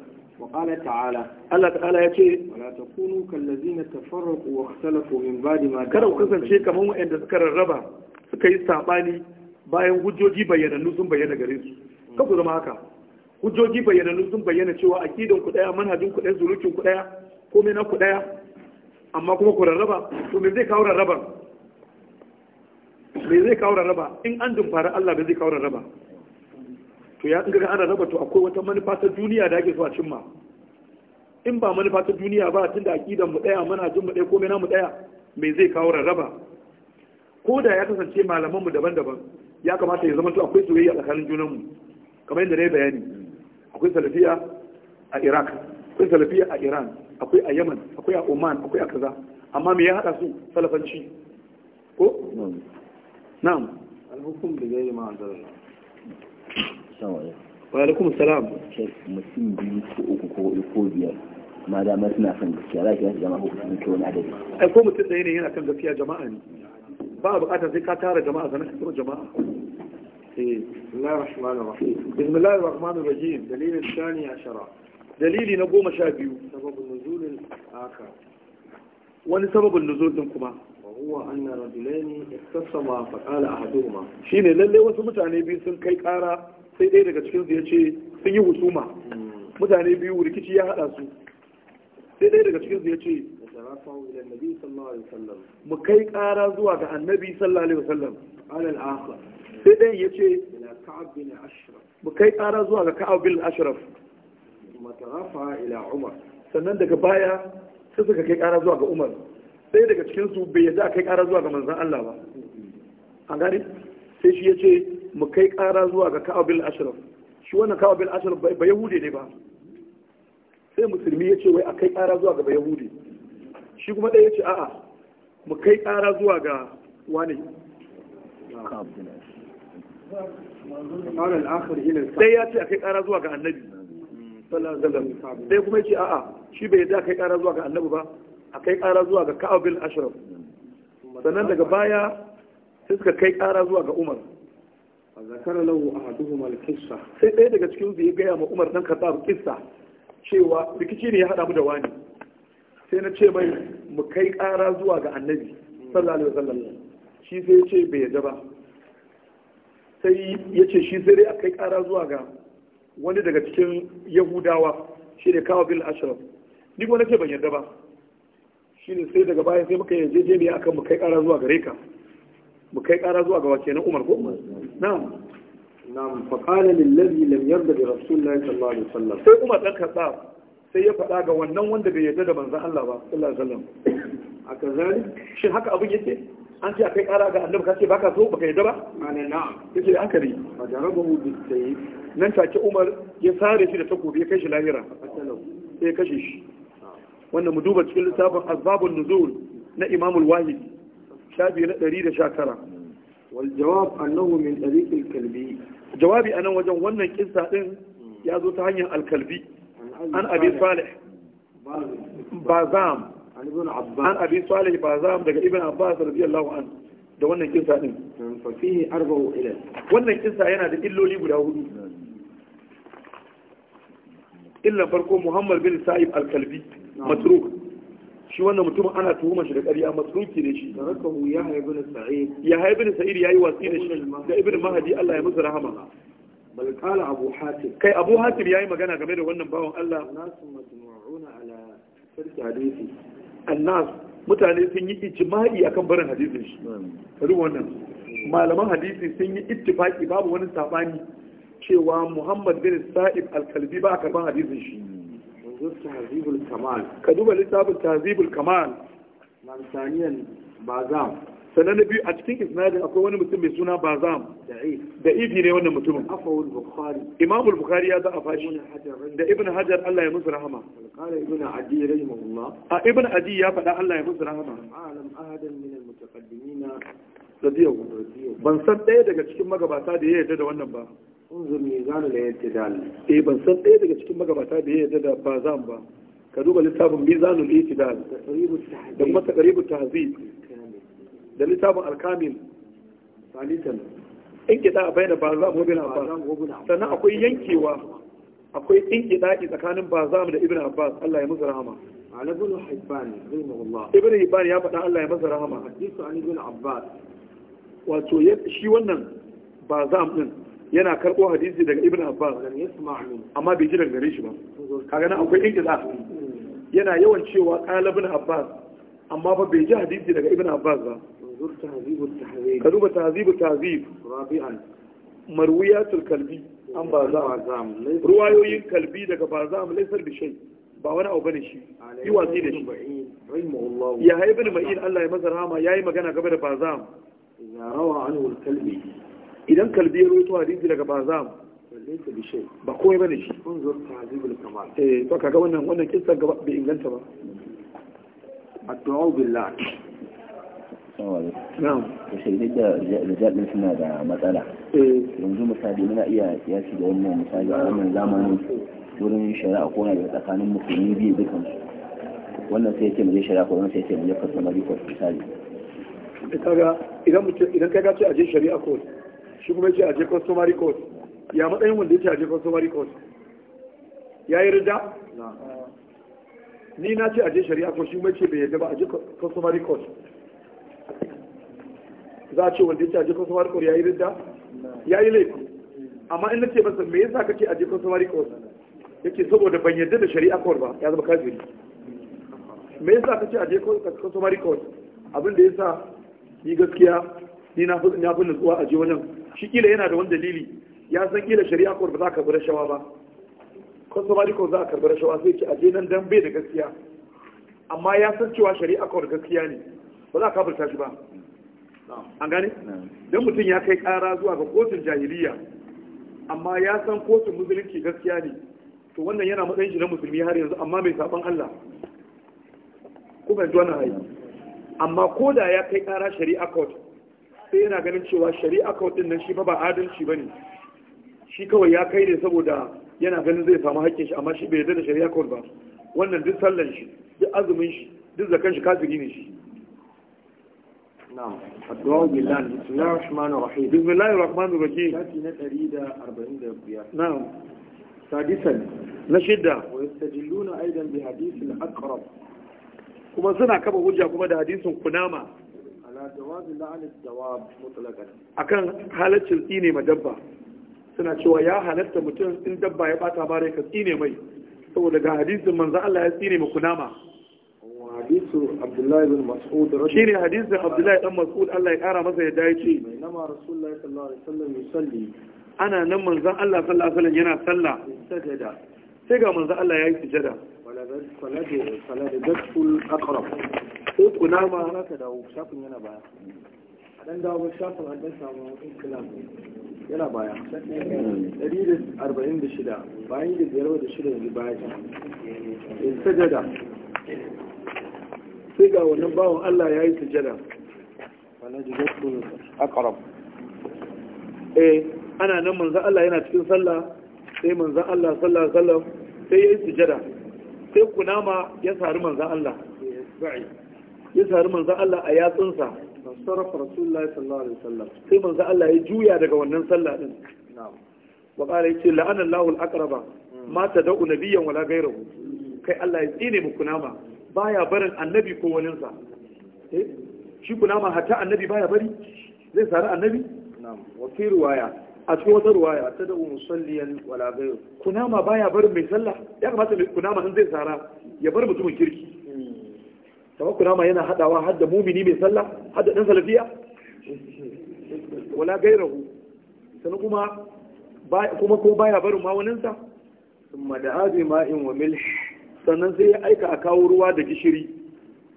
wa qala ta'ala Allah ta'ala ya ce wala takunu kallazina tafarraqu wa ikhtalafu min ba'di ma kada ku kasance kamar wanda suka rarraba suka yi sabani bayan hujjoji bayyanannu sun bayyana gare su kada zama haka hujjoji bayyanannu sun bayyana cewa aqidan ku daya manhajin ku daya zulukin ku daya komai na ku ɗaya amma kuma ku rarraba to me zai kawo rarraba me zai kawo rarraba in an dumfara Allah me zai kawo rarraba to ya in ga an rarraba to akwai wata manufa ta duniya da ake so a cimma in ba manufa ta duniya ba tunda aqidan mu daya jin mu daya komai na mu daya me zai kawo rarraba ko da ya kasance malaman mu daban-daban ya kamata ya zama to akwai soyayya tsakanin junan mu kamar yadda na yi bayani akwai salafiya a Iraq akwai salafiya a Iran akwai a yaman akwai a oman akwai a kaza amma me ya hada su salafanci ko na'am alhukum da yayi ma anzalna wa alaikum salam mutum biyu ko uku ko ko biyar ma da ma suna san gaskiya za ki yi jama'a hukumin ke wani adadi ai ko mutum ɗaya ne yana kan gaskiya jama'a ne ba a buƙatar sai ka tara jama'a sanar ka tara jama'a بسم الله الرحمن الرحيم بسم الله الرحمن الرحيم دليل الثاني عشرة دليل نقوم شابيو wani sababin da din kuma wa anna rajulaini iktasama fa qala ahaduhuma shine lalle wasu mutane biyu sun kai kara sai dai daga cikin su yace sun yi husuma hmm. mutane biyu rikici ya hada su sai dai daga cikin su yace mu kai kara zuwa ga annabi sallallahu alaihi wasallam alal akhir sai dai yace ka'ab bin ashraf mu kai kara zuwa ga ka'ab bin ashraf matarafa ila umar sannan daga baya sai suka kai kara zuwa ga umar sai daga cikin su bai yadda kai kara zuwa ga manzan Allah ba A gani sai shi ya ce mu kai kara zuwa ga Ka'ab bin Ashraf shi wannan Ka'ab bin Ashraf ba hude ne ba sai musulmi ya ce wai a kai kara zuwa ga hude. shi kuma ɗaya ce a'a mu kai kara zuwa ga wani Ka'ab bin Ashraf sai ya ce a kai kara zuwa ga annabi sai kuma yace a'a shi bai yadda kai ƙara zuwa ga annabi ba a kai ƙara zuwa ga Ka'ab bin Ashraf sannan daga baya sai suka kai ƙara zuwa ga Umar zakara lahu ahaduhum al-qissa sai ɗaya daga cikin su ya gaya ma Umar dan kasar kissa cewa rikici ne ya hada mu da wani sai na ce mai mu kai ƙara zuwa ga annabi sallallahu alaihi wasallam shi sai ya ce bai yadda ba sai ya ce shi sai dai a kai ƙara zuwa ga wani daga cikin yahudawa shi ne kawo bil ashraf ni kuma nake ban yarda ba shi ne sai daga baya sai muka yi jeje ne akan mu kai ƙara zuwa gare ka mu kai ƙara zuwa ga na umar ko na'am na'am fa qala lil ladhi lam yarda bi rasulillahi sallallahu alaihi wasallam sai umar dan kaza sai ya faɗa ga wannan wanda bai yarda da manzon Allah ba sallallahu alaihi wasallam a kazalik shin haka abin yake an ce a kai kara ga annabi kace baka so baka yadda ba ana na'am yace haka ne fajarabahu bisayf nan take Umar ya sare shi da takobi ya kai shi lahira sai ya kashe shi wannan mu duba cikin littafin asbabun nuzul na Imam al-Wahid shafi na 119 wal jawab annahu min tariq al-kalbi jawabi anan wajen wannan kissa din ya zo ta hanyar al-kalbi an abi salih bazam an abi salih ba za daga ibn abbas radiyallahu an da wannan kisa din fa fihi arba'u ilal wannan kisa yana da illoli guda hudu illa farko muhammad bin sa'ib al-kalbi matruk shi wannan mutum ana tuhumar shi da ƙarya masruki ne shi tarakahu ya ibn sa'id ya ibn sa'id yayi wasi da shi da ibn mahdi Allah ya musu rahama bal qala abu hatim kai abu hatim yayi magana game da wannan bawan Allah nasu majmu'una ala sirri hadisi annas mutane sun yi ijma'i akan barin hadisin shi hmm. kari wannan malaman hadisi sun yi ittifaki babu wani sabani cewa muhammad bin Sa'id al-kalbi ba a karban hadisin shi hmm. ka duba littafin tazibul kamal man bazam sannan na biyu a cikin isnadi akwai wani mutum mai suna bazam da ifi ne wannan mutumin imam bukhari ya za'a fashi da ibn hajar allah ya musu rahama a ibn adi ya faɗa allah ya musu rahama ban san ɗaya daga cikin magabata da ya yarda da wannan ba eh ban san ɗaya daga cikin magabata da ya yarda da bazam ba ka duba littafin mizanul itidal da kuma ta tahzib da littafin alkamil salitan in kida a bayyana bazam mu bin abbas sannan akwai yankewa akwai in kita tsakanin mu da ibn abbas Allah ya masa rahama على ابن حبان رحمه الله ابن حبان يا فدا الله يمسى رحمه حديث عن ابن عباس wato shi wannan ba din yana karbo hadisi daga ibn abbas amma bai ji daga gare shi ba kaga nan akwai inkiza hmm. yana yawan cewa qala ibn abbas amma fa bai ji hadisi daga ibn abbas ba ka duba tahzibu tahzib rabi'an marwiyatul kalbi an bazam ruwayoyin kalbi daga bazam laysar bi ba wani abu bane shi yi watsi da shi ya haibin Allah ya masa rahama yayi magana game da bazam idan kalbi ya rawaito hadisi daga bazam ba komai bane shi ba addu'a billah to shaidai da rijal suna da matsala eh. yanzu misali muna iya kiyasi da wannan misali a wannan zamanin wurin shari'a ko na da tsakanin musulmi biyu dukan wannan sai ce muje shari'a ko wannan sai ce muje customary court misali kaga idan idan kai ka ce aje shari'a court shi kuma ce aje customary court ya matsayin wanda yake aje customary court yayi rida ni na ce aje shari'a court shi kuma ce bai yadda ba aje customary court za a ce wanda ya ce a je customer ya yi ridda ya yi laifi amma in na ce masa me yasa ka ce a je customer record yake saboda ban yadda da shari'a kawai ba ya zama kafiri me yasa ka ce a jikin samari kawai abin da yasa ni gaskiya ni na fi na fi nutsuwa a je shi kila yana da wani dalili ya san kila shari'a kawai ba za a bi rashawa ba samari kawai za a karbi rashawa sai ce a je nan dan bai da gaskiya amma ya san cewa shari'a kawai gaskiya ne ba za a kafirta shi ba an gane don mutum ya kai kara zuwa ga kotun jahiliya amma ya san kotun musulunci gaskiya ne to wannan yana matsayin shi na musulmi har yanzu amma mai saban Allah ku ban wani hayi amma ko da ya kai kara shari'a court sai yana ganin cewa shari'a court din nan shi fa ba adalci bane shi kawai ya kai ne saboda yana ganin zai samu haƙƙin shi amma shi bai yarda da shari'a court ba wannan duk sallan shi duk azumin shi duk zakan shi kafiri ne shi Bililayen Rahmanu da ke. Na hadisan na shidda. Kuma suna kama hujja kuma da hadisan kunama. Akan halacin tsine ma dabba. Suna cewa ya halatta mutum in dabba ya bata mara ya katse mai. Saboda ga hadisan manza Allah ya tsine mu kunama. hadisu abdullahi bin mas'ud shi ne hadisin abdullahi dan mas'ud Allah ya kara masa ya dace nama rasulullahi sallallahu alaihi wasallam yusalli ana nan manzon Allah sallallahu alaihi wasallam yana sallah sajada sai ga manzon Allah ya yi sujada wala da sala da dakul aqrab ko dawo shafin yana baya a dan dawo shafin an dan samu inkilam yana baya 146 bayan da biyar da shida yanzu baya ta sajada sai ga wannan bawan Allah ya yi sujada eh, ana nan manza Allah yana cikin sallah sai manza Allah sallah sallah sai ya yi sujada sai kunama ya sari manza Allah ya sari manza Allah a yatsunsa sai manza Allah ya juya daga wannan sallah din wa qala yace la'ana lawul al hmm. mata da'u na biyan wala ghayrahu kai Allah ya tsine mu kunama baya barin annabi ko waninsa eh? shi kunama hatta annabi baya bari zai sari annabi wafi ruwaya a cikin wata ruwaya ta da musalliyan wala gairu ma baya barin mai sallah ya kamata mai kunama sun zai sara ya bar mutumin kirki hmm. kamar kunama yana hadawa har da mumini mai sallah har da dan salafiya *laughs* wala gairahu sannan kuma kuma ko baya barin ma waninsa ثم دعا بماء وملح sannan sai ya aika a kawo ruwa da gishiri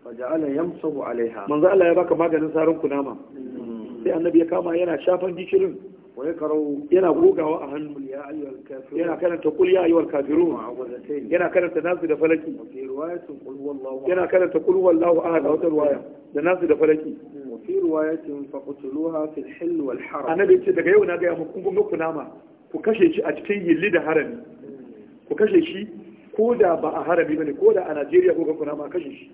faja'ala yamsahu alaiha manzo Allah ya baka maganin sarin kunama sai annabi ya kama yana shafan gishirin wa yakrau yana gogawa a hannu ya ayyuhal kafirun yana karanta kul ya ayyuhal kafirun yana karanta nasu da falaki yana karanta kul wallahu ahad wata riwaya da nasu da falaki hmm. wa fi riwayatin faqtuluha fil hil wal haram annabi ce daga yau na ga muku kunama ku kashe shi a cikin yilli da harami hmm. ku kashe shi ko da ba a harabi bane ko da a Najeriya ko kuna ma kashe shi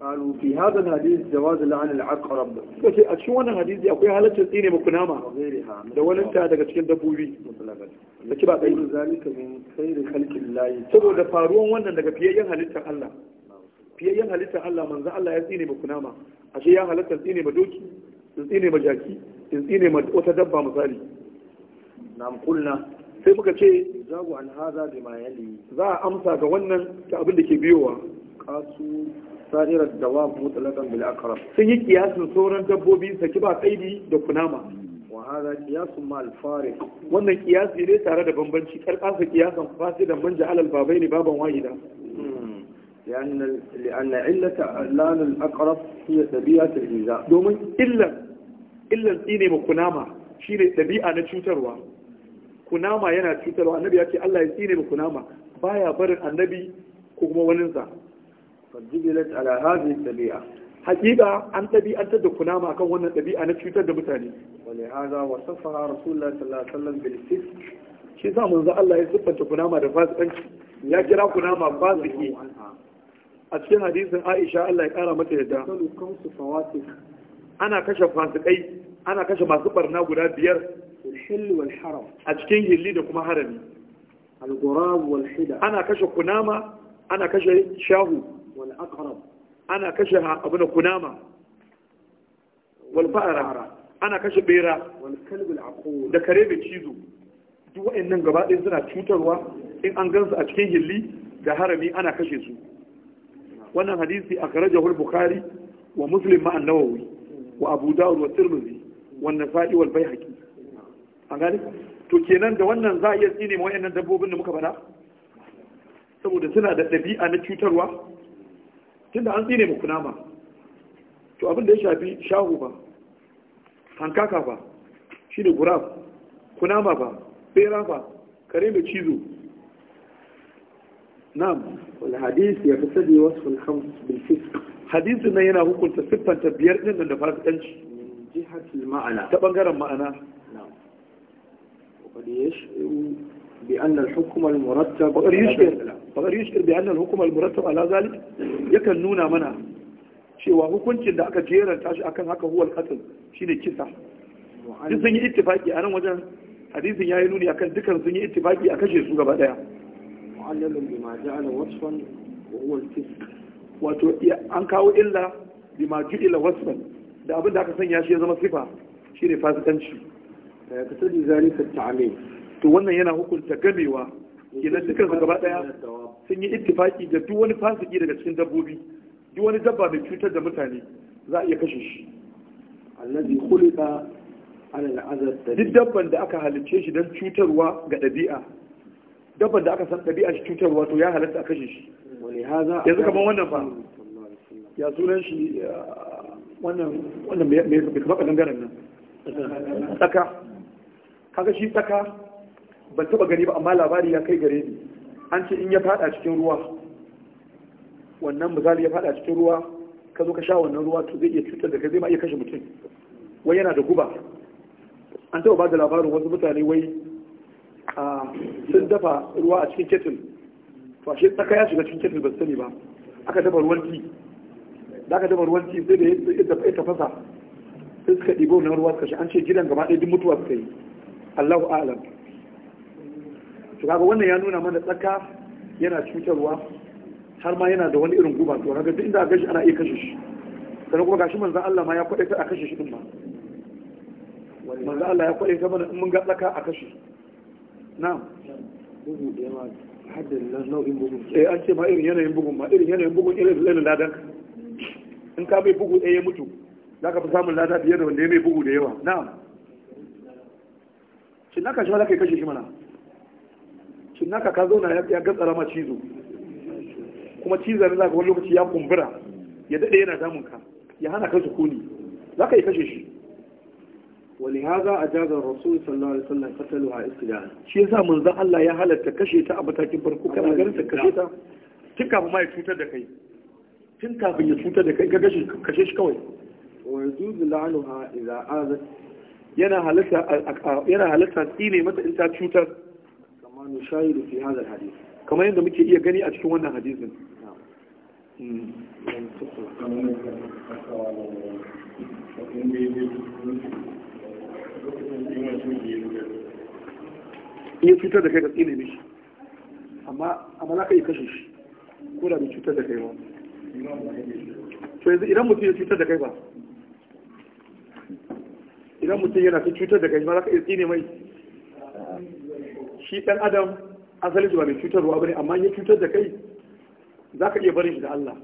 قالوا في هذا الحديث جواز لعن العقرب بس a cikin wannan hadisi akwai halaccin tsine ma kunama da wani ta daga cikin dabbobi da ba kai zalika min khairi khalqillahi saboda faruwan wannan daga fiyayyen halittar Allah fiyayyen halittar Allah manzo Allah ya tsine ma kunama ashe ya halatta tsine ma doki tsine ma jaki tsine ma wata dabba misali nam kulna sai muka ce zagu an haza bi ma yali za a amsa ga wannan ta abin da ke biyowa Kasu sa'irar dawab mutlaqan bil aqrab sun yi kiyasin sauran dabbobi saki ba kaidi da kunama wa hada qiyasun ma al fariq wannan kiyasi ne tare da bambanci karkasa kiyasan fasidan manja alal babai ne baban wahida لأن لأن علة لان الأقرب هي طبيعة الإيذاء دومين إلا إلا الإني مكنامة شيء طبيعة نشوتروا kunama yana cutarwa annabi ya ce Allah ya tsine mu kunama baya barin annabi ko kuma waninsa fajibilat ala hadhihi tabi'a hakika an tabi'antar da kunama akan wannan ɗabi'a na cutar da mutane wani haza wa safara, rasulullah sallallahu alaihi wasallam bil fisk shi sa manzo Allah ya siffanta kunama da fasikanci ya kira kunama fasiki a cikin hadisin Aisha Allah ya kara mata yadda ana kashe fasikai ana kashe masu barna guda biyar الحل والحرم أتكين يلي دكما هرمي الغراب kashe أنا كشف كنامة أنا كشف شاهو والأقرب ابن والكلب العقول ده duk wa'annan gaba ɗaya suna cutarwa in an gansu a cikin hilli da harami ana kashe su wannan hadisi a karajahul bukhari wa muslim ma'an nawawi wa abu dawud wa tirmidhi wa nafa'i wal bayhaqi an gani to kenan da wannan za a iya tsine wayannan dabbobin da muka bada saboda suna da ɗabi'a na cutarwa tunda an tsine mu kunama to abin da ya shafi shahu ba hankaka ba shi ne gurab kunama ba bera ba kare mai cizo nam hadis ya fi sadi wasu fulham bil fisk hadisin nan yana hukunta siffanta biyar ɗin da fasikanci jihatul ma'ana ta ɓangaren ma'ana قد يشعر بأن الحكم المرتب فقد يشعر فقد يشعر بأن الحكم المرتب على ذلك يكن نونا منا cewa hukuncin da aka jeranta tashi akan haka huwal qatl shine kisa duk sun yi ittifaki a nan wajen hadisin yayi nuni akan dukan sun yi ittifaki a kashe su gaba daya mu'allalun bima ja'ala wasfan wa huwa al kisa? wato an kawo illa bima ju'ila wasfan da abin da aka sanya shi ya zama sifa shine fasikanci ya fito da to wannan yana hukunta gamewa kenan dukkan su gaba daya sun yi ittifaki da duk wani fasiki daga cikin dabbobi duk wani dabba mai cutar da mutane za a iya kashe shi allazi khuliqa ala al'azab duk dabban da aka halice shi dan cutarwa ga dabi'a dabban da aka san dabi'a shi cutarwa to ya halatta a kashe shi yanzu kamar wannan fa ya sunan shi ah, wannan wannan mai kafa dangaren nan tsaka kaga shi tsaka ban taba gani ba amma labari ya kai gare ni an ce in ya fada cikin ruwa wannan misali ya fada cikin ruwa ka zo ka sha wannan ruwa to zai iya cutar da kai zai ma iya kashe mutum wai yana da guba an taba ba da labarin wasu mutane wai sun dafa ruwa a cikin ketil to ashe tsaka ya shiga cikin ketil ba sani ba aka dafa ruwan ti da aka dafa ruwan ti sai da ya tafasa sai suka ɗibo wannan ruwa suka shi an ce gidan gaba ɗaya duk mutuwa suka yi Allahu alam to kaga wannan ya nuna mana tsaka yana cutarwa har ma yana da wani irin guba to kaga duk inda aka gashi ana iya kashe shi sai kuma gashi manzo Allah ma ya kwade ta a kashe shi din ma manzo Allah ya kwade ta mana in mun ga tsaka a kashe na'am bugu da yawa haddin nau'in bugu. eh an ce ma irin yanayin bugun ma irin yanayin bugun irin lalan ladan in ka bai bugu ɗaya ya mutu za fi samun lada biyar da wanda ya mai bugu da yawa na'am cinnaka shi ma za ka yi kashe shi mana cinnaka ka zauna ya gatsara ma cizo kuma cizo za ka wani lokaci ya kumbura ya daɗe yana damun ka ya hana ka sukuni za ka yi kashe shi wani haza a jazar rasu sallallahu alaihi wasallam fatalu a istijara shi yasa manzon Allah ya halatta kashe ta a matakin farko kana ganin ta kashe ta tun kafin ma ya cutar da kai tun kafin ya cutar da kai ka kashe shi kawai wa yuzu la'anuha idza azat yana halitta a tsine mata in ta cutar kamar yadda muke iya gani a cikin wannan hadisin iya cutar da kai ka tsine mishi amma na ka yi kashe shi ko da bai cutar da kai ba to yanzu idan mutum ya cutar da kai ba idan mutum yana ta cutar da kai ma za ka iya tsine mai shi ɗan adam asali ba mai cutarwa bane, amma ya cutar da kai za ka iya barin shi da Allah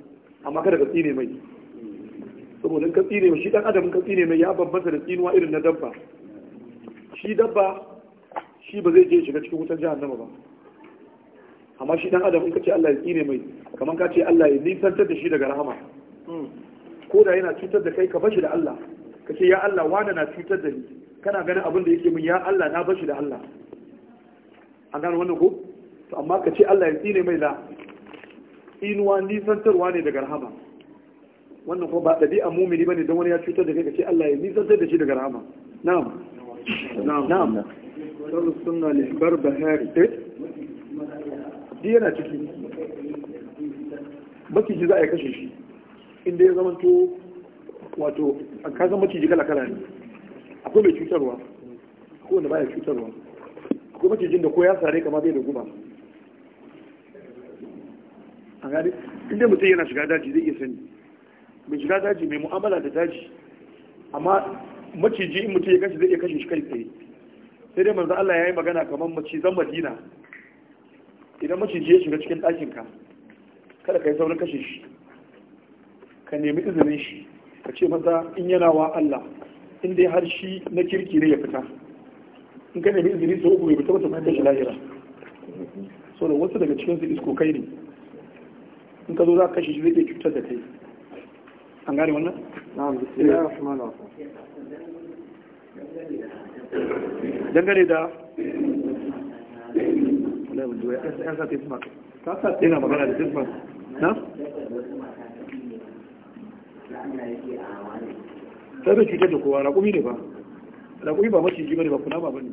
amma kada ka tsine mai saboda ka tsine mai shi ɗan adam ka tsine mai ya bambanta da tsinuwa irin na dabba shi dabba shi ba zai je shiga cikin wutar jahannama ba amma shi ɗan adam in ka ce Allah ya tsine mai kamar ka ce Allah ya nisantar da shi daga rahama ko da yana cutar da kai ka bashi da Allah ka ce ya Allah wani na cutar da ni kana ganin abin da yake min ya Allah na bashi da Allah an gano wannan ko to amma ka ce Allah ya tsine mai la inuwa nisantarwa ne daga rahama wannan ko ba ɗabi'a mumini bane don wani ya cutar da kai ka ce Allah ya nisantar da shi daga rahama na'am na'am na'am sallu sunna li barbahari eh yana ciki baki ji za a kashe shi inda ya to wato a kasan maciji kala kala ne akwai mai cutarwa akwai wanda baya cutarwa akwai macijin da ko ya sare kama bai da guba a gani inda mutum yana shiga daji zai iya sani mai shiga daji mai mu'amala da daji amma maciji in mutum ya kashe zai iya kashe shi kai tsaye sai dai manzo Allah ya yi magana kamar zan Madina idan maciji ya shiga cikin ɗakinka kada ka yi saurin kashe shi ka nemi izinin shi ka ce masa in yana wa Allah in dai har shi na kirki ne ya fita in ka nemi izini sau uku bai fita wata mai kashi lahira so da wasu daga cikinsu isko kai ne in ka zo za ka kashe shi zai iya cutar da kai an gane wannan na'am bismillahir rahmanir rahim dangane da yan sa ta yi suna ta sa magana da tisman na ta zai cutar da kowa raƙumi ne ba raƙumi ba maciji ba ne ba kuna ba ba ne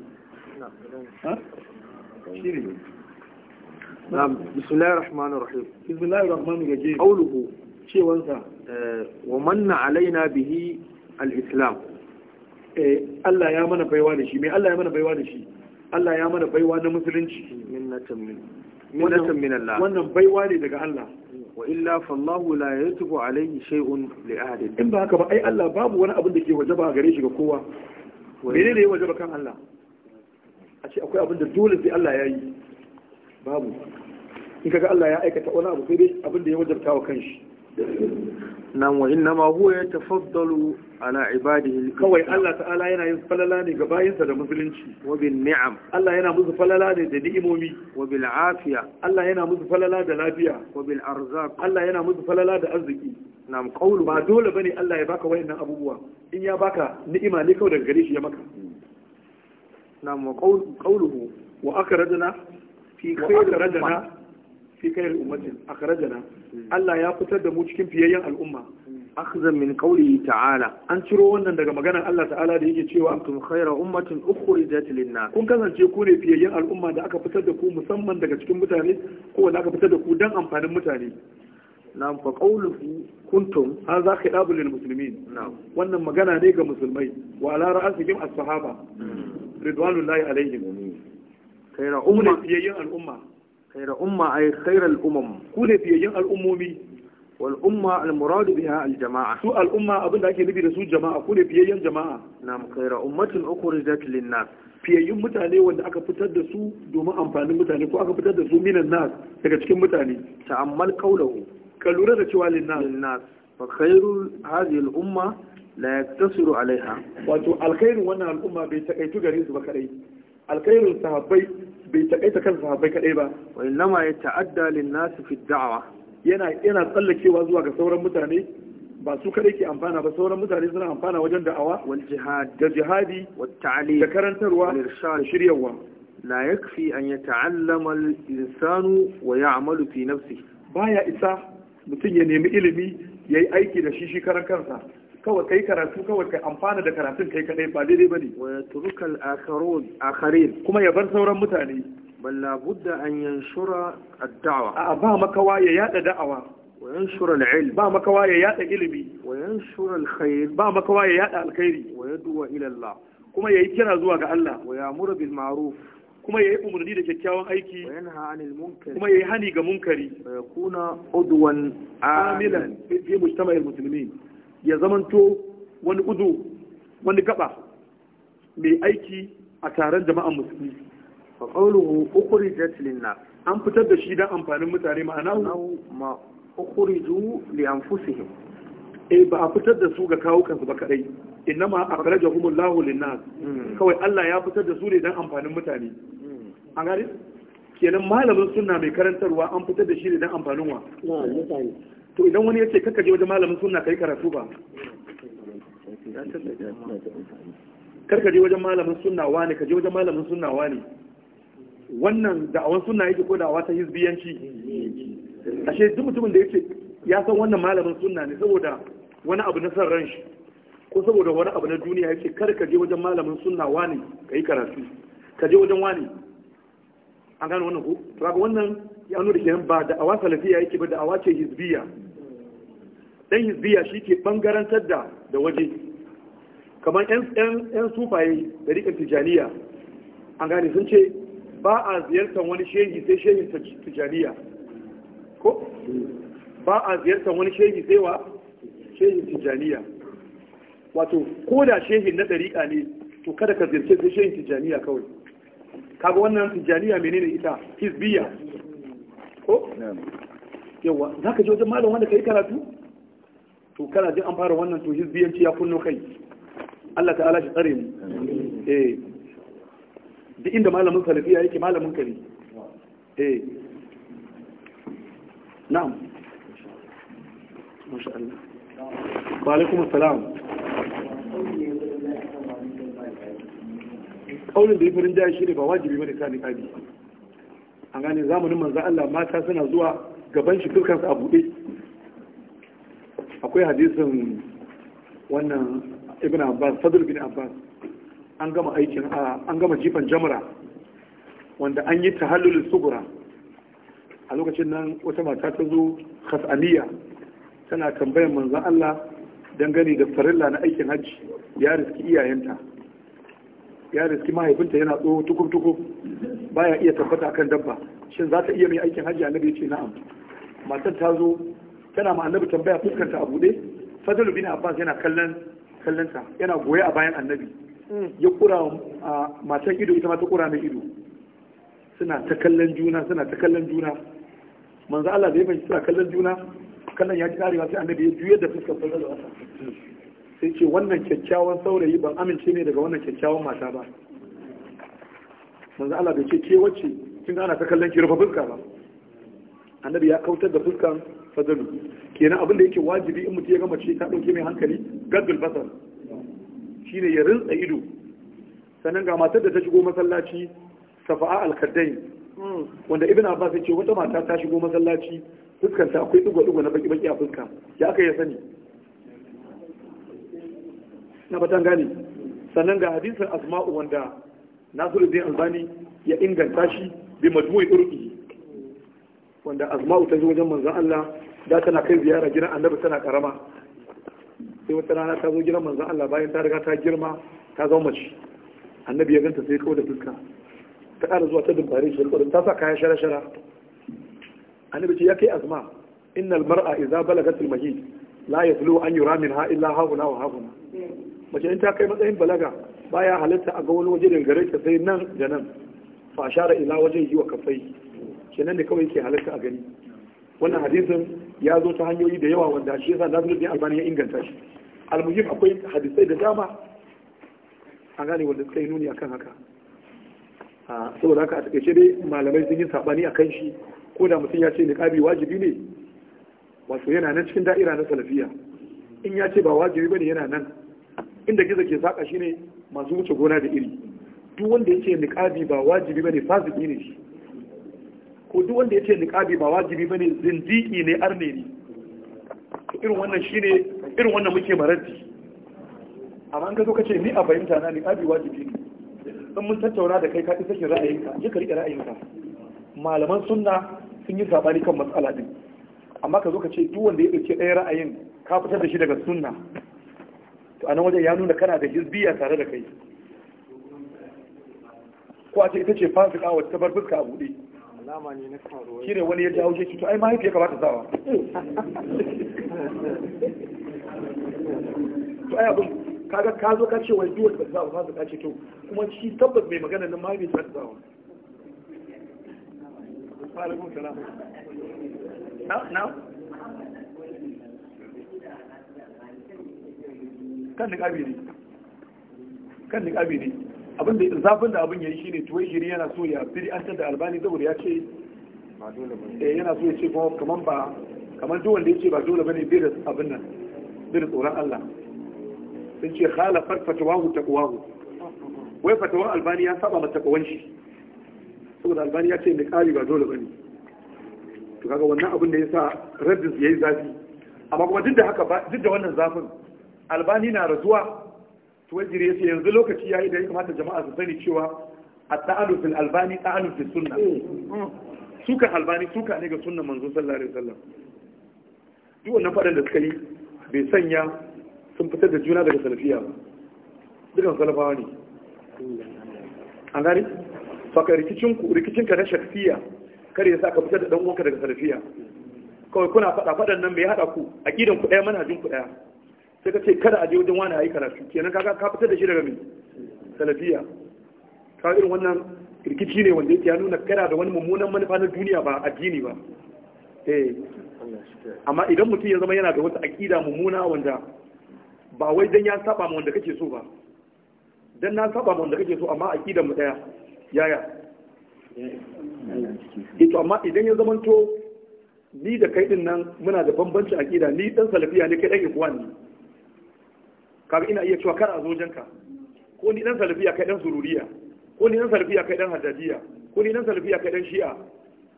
na bisulai rahmanu rahim bisulai rahmanu الله الرحمن الرحيم قوله شيء وانسى ومن علينا به Allah ya mana baiwa da shi mai Allah ya mana baiwa da shi Allah ya mana baiwa na musulunci minnatan min minnatan min Allah wannan baiwa ne daga Allah wa illa fallahu la yatubu alayhi shay'un li ahli in ba haka ba ai Allah babu wani abin da ke wajaba gare shi ga kowa menene ya wajaba kan Allah a ce akwai abin da dole sai Allah ya yi babu in kaga Allah ya aikata wani abu sai dai abin da ya wajabta wa kanshi nan wa inna ma huwa ya tafaddalu ala ibadihi kawai Allah ta'ala yana yin falala ne ga bayinsa da musulunci wa bin ni'am Allah yana musu falala ne da ni'imomi wa bil afiya Allah yana musu falala da lafiya wa bil arzaq Allah yana musu falala da arziki nam qawlu ba dole bane Allah ya baka wayannan abubuwa in ya baka ni'ima ne kawai daga gare shi ya maka nam wa qawluhu wa akradna fi khayrin fi kayar ummatin Allah ya fitar da mu cikin fiyayyen al'umma akhzan min qawlihi ta'ala an ciro wannan daga maganar Allah ta'ala da yake cewa antum khayra ummatin ukhrijat lin kun kasance ku ne fiyayyen al'umma da aka fitar da ku musamman daga cikin mutane ko aka fitar da ku dan amfanin mutane na'am fa qawlu fi kuntum hadha khitabun lil muslimin na'am wannan magana ne ga musulmai wa ala ra'asihim as-sahaba hmm. ridwanullahi alaihim khayra ummatin fiyayyen al'umma Kaira umma ay khairul umam ku ne fiyayyin al'ummomi wal umma al muradu biha al su al umma abinda ake nufi da su jama'a ku ne fiyayyen jama'a Na khairu ummatin ukhrijat lin nas fiyayyun mutane wanda aka fitar da su domin amfanin mutane ko aka fitar da su minan nas daga cikin mutane ta'ammal qawluhu ka lura da cewa lin nas fa khairu hadhihi al umma la yaktasiru alaiha wato alkhairin wannan al'umma bai takaitu gare su ba kadai alkhairin sahabbai bai taƙaita kansa sahabbai kadai ba wa innama ya ta'adda lin nas fi da'wa yana yana tsallakewa zuwa ga sauran mutane ba su kadai ke amfana ba sauran mutane suna amfana wajen da'awa wal jihad da jihadi wat ta'lim da karantarwa da shiryawa la yakfi an yata'allama al insanu wa ya'malu fi nafsihi baya isa mutum ya nemi ilimi yayi aiki da shi shi karan kansa kawai kai karatu kawai kai amfana da karatun kai kadai ba daidai ba ne. yatruka al-akharun akharin kuma ya bar sauran mutane Balla budda an yanshura ad-da'wa a ba makawa ya yada da'awa Wayan yanshura al-ilm ba makawa ya yada ilimi Wayan yanshura al-khair ba makawa ya yada alkhairi wa yad'u ila Allah kuma yayi kira zuwa ga Allah wa ya'muru bil ma'ruf kuma yayi umarni da kyakkyawan aiki wa yanha anil munkar kuma yayi hani ga munkari wa yakuna udwan amilan fi mujtama'il muslimin ya zamanto wani udu wani gaba mai aiki a taron jama'an musulmi fa qawluhu ukhrijat linna an fitar da shi dan amfanin mutane ma'ana ma ukhriju li anfusihim eh ba a fitar da su ga kawo kansu ba kadai innama akhrajahumullahu lin-nas hmm. kawai Allah ya fitar da su ne dan amfanin mutane hmm. an gari kenan malamin sunna mai karantarwa an fitar da shi ne dan amfanin wa mutane to idan wani yace kaka je wajen malamin sunna kai karatu ba karka je wajen malamin sunna wani ka je wajen malamin sunna wani wannan awan sunna yake ko da'awa ta hizbiyanci ashe duk mutumin da yake ya san wannan malamin sunna ne saboda wani abu na san ran shi ko saboda wani abu na duniya yake kar ka je wajen malamin sunna wani kai karatu ka je wajen wani an gano wannan ko to wannan ya nuna kenan ba awa salafiya yake ba awa ce hizbiya dan hizbiya shi ke bangarantar da da waje kamar yan sufaye da rikin tijaniya an gane sun ce ba a ziyartar wani shehi sai shehin tijaniya ko ba a ziyartar wani shehi sai wa shehin tijaniya wato ko da shehin na dariƙa ne to kada ka ziyarce sai shehin tijaniya kawai kaga wannan tijaniya menene ita hizbiya ko yawa za ka je wajen malam wanda ka yi karatu to kana jin an fara wannan to hizbiyanci ya kunno kai Allah ta'ala shi tsare mu eh duk inda malamin salafiya yake malamin kare eh na'am masha Allah wa alaikum assalam kaulin da ya rinjaye shi ne ba wajibi bane sa niqabi an gane zamanin manzo Allah mata suna zuwa gaban shi turkansa a buɗe akwai hadisin wannan ibn abbas fadl bin abbas an gama aikin an gama jifan jamra wanda an yi tahallulin sugura a lokacin nan wata mata ta zo khasaniya tana tambayar manzon Allah dangane da farilla na aikin hajji ya riski iyayenta ya riski mahaifinta yana tsoho tukur-tukur baya iya tabbata kan dabba shin za ta iya mai aikin hajji annabi ya ce na'am Matar ta zo tana ma annabi tambaya fuskar ta a bude. fadlu bin abbas yana kallon kallonta yana goye a bayan annabi hmm. ya kura matan ido ita ma ta kura mai ido suna ta kallon juna suna ta kallon juna manzo Allah da ya fahimci suna kallon juna kallon ya ji karewa sai annabi ya juyar da fuskar fadlu sai ce wannan kyakkyawan saurayi ban amince ne daga wannan kyakkyawan mata ba manzo Allah bai ce ke wacce kin ana ta kallon ki rufe fuska ba annabi ya kautar da fuskan fadalu kenan abin da yake wajibi in mutum ya gama ce ta dauke mai hankali gaddul basar shine ya rinsa ido sannan ga matar da ta shigo masallaci safa'a al wanda ibn abbas ya ce wata mata ta shigo masallaci ta akwai dugo-dugo na baki-baki a fuska ya aka ya sani na batan gane sannan ga hadisin asma'u wanda nasiruddin albani ya inganta shi bi majmu'i turki wanda azma'u ta zo wajen manzon Allah da tana kai ziyara gidan annabi tana karama sai wata rana ta zo gidan manzon Allah bayan ta riga ta girma ta zama mace annabi ya ganta sai kawai da fuska ta ƙara zuwa ta dubare shi da ta sa kayan shara-shara annabi ce ya kai azma innal mar'a idza balagat al-mahid la yaflu an yura minha illa hauna wa hauna mace in ta kai matsayin balaga baya halitta a ga wani waje da gare ta sai nan da nan fa ashara ila wajen yi wa kafai kenan ne kawai ke halarta a gani wannan hadisin ya zo ta hanyoyi da yawa wanda shi yasa Nasiruddin Albani ya inganta shi almuhim akwai hadisai da dama a gane wanda suka yi nuni akan haka saboda haka a takaice dai malamai sun yi sabani akan shi ko da mutum ya ce niqabi wajibi ne wato yana nan cikin da'ira na salafiya in ya ce ba wajibi bane yana nan inda gizo ke saka shine masu wuce gona da iri duk wanda ya ce niqabi ba wajibi bane fasiki ne shi ko duk wanda ya ce niƙabi ba wajibi bane zindiki ne arne ne irin wannan shine irin wannan muke maraddi amma an ka zo ka ce ni a fahimta na niƙabi wajibi ne in mun tattauna da kai ka isa ki ra'ayinka je ka riƙe ra'ayinka malaman sunna sun yi sabani kan matsala din amma ka zo ka ce duk wanda ya ɗauki ɗaya ra'ayin ka fitar da shi daga sunna to a nan wajen ya nuna kana da hizbiya tare da kai ko a ce ita ce fasika wata ta bar fuska a buɗe shi ne wani ya jawo shi to ai mahaifi ka ba ta to ai abin kaga ka zo ka ce wai duwar ba zawa ba ka ce to kuma shi tabbas mai magana nan mahaifiya ta zawa. na kan ni kabiri kan ni kabiri abin da zafin da abin yayi shine tuwai shiri yana so ya firi an da albani saboda ya ce eh, yana so ya ce kuma kamar ba kamar duk wanda ya ce ba dole bane bai da abin nan bai da tsoron Allah sun ce khala fatwahu taqwahu wai fatawan albani ya saba mata kawan shi saboda albani ya ce da kari ba dole bane to kaga wannan abin da ya sa raddin yayi zafi amma kuma duk da haka duk da wannan zafin albani na razuwa tuwajiri ya ce yanzu lokaci ya yi da ya kamata jama'a su sani cewa a ta'alu fil albani ta'alu fil sunna suka albani suka ne ga sunnan manzo sallallahu alaihi wasallam duk wannan fadan da suka yi bai sanya sun fitar da juna daga salafiya ba dukan salafawa ne an gani faka rikicin ku rikicin ka na shafiya ya sa ka fitar da dan uwanka daga salafiya kawai kuna fada fadan nan bai hada ku aqidan ku daya manhajin ku daya sai ka ce kada a je wajen wani a yi karatu kenan ka ka fitar da shi daga mai salafiya ka irin wannan rikici ne wanda ya nuna kada da wani mummunan manufa na duniya ba addini ba eh amma idan mutum ya zama yana da wata aƙida mummuna wanda ba wai dan ya saba ma wanda kake so ba dan na saba ma wanda kake so amma aƙidan mu daya yaya ito eh, amma idan ya zama to ni da kai din nan muna da bambancin aƙida ni dan salafiya ne kai dan ikwani ne kaga ina iya cewa kar a zo janka ko ni dan salafiya kai dan sururiya ko ni dan salafiya kai dan hajjajiya ko ni dan salafiya kai dan shi'a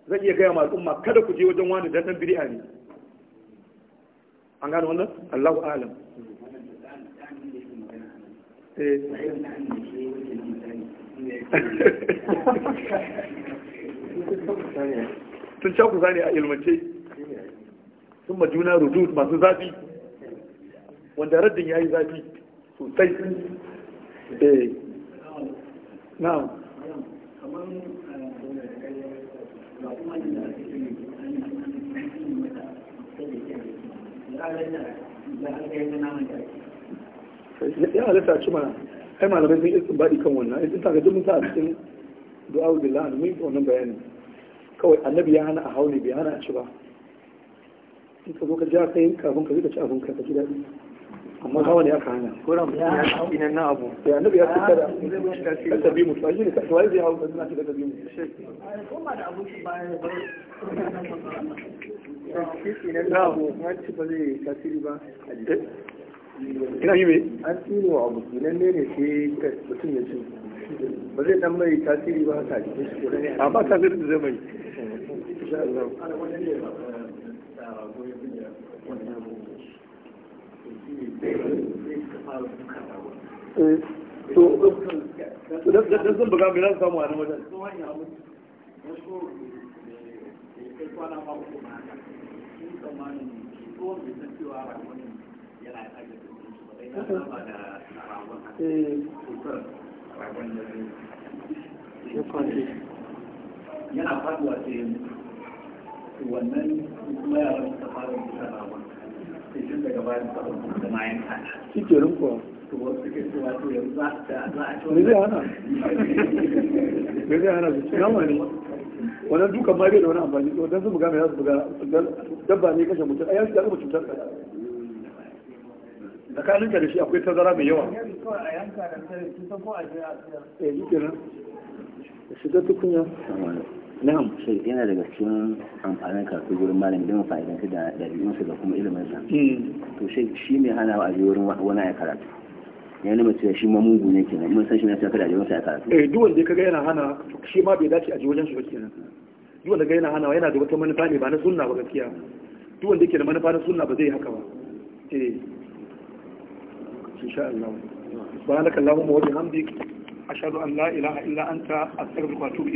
zan iya gaya ma al'umma kada ku je wajen wani dan dan bid'a ne an gano wannan Allahu a'lam eh. *laughs* Tun sha ku sani a ilmance sun majuna juna masu zafi wanda raddin ya yi zafi sosai eh. na'am ya halitta ci mana malamai sun baɗi kan wannan isin ta ga jimin sa a cikin billah wannan kawai annabi ya hana a haune bai hana a ci ba in ka zo ka ja kai kafin ka ka ci abin ka ji daɗi amma hawa ko na abu ya annabi ya tsaka da ka tabi mu shi ne zai ka tabi mu shi da abu shi ba ya ba shi ne na abu ci ba zai tasiri ba ina yi me an abu ne ne mutum ya ci ba zai dan mai tasiri ba a ba tasiri zai mai to yana faduwa wannan kuma fara da shi ma da wani amfani su za dabba ne kashe mutum a yanzu ya gaba cutar ka da shi akwai tazara mai yawa eh shi kenan shiga tukunya na'am shi yana daga cikin amfanin karatu gurin malami don fa'idansu da ɗabi'unsu da kuma ilimin sa hmm. to shi shi mai hana a ji wurin wani ya karatu ya nima cewa shi ma mugu ne kenan mun san shi ne cewa kada a je masa ya karatu eh duk wanda kaga yana hana shi ma bai dace a ji wajen shi ba kenan duk wanda ga yana hana yana da wata manufa ne ba na sunna ba gaskiya duk wanda yake da manufa na sunna ba zai haka ba eh insha Allah subhanakallahumma wa bihamdika ashhadu an la ilaha illa a astaghfiruka wa atubu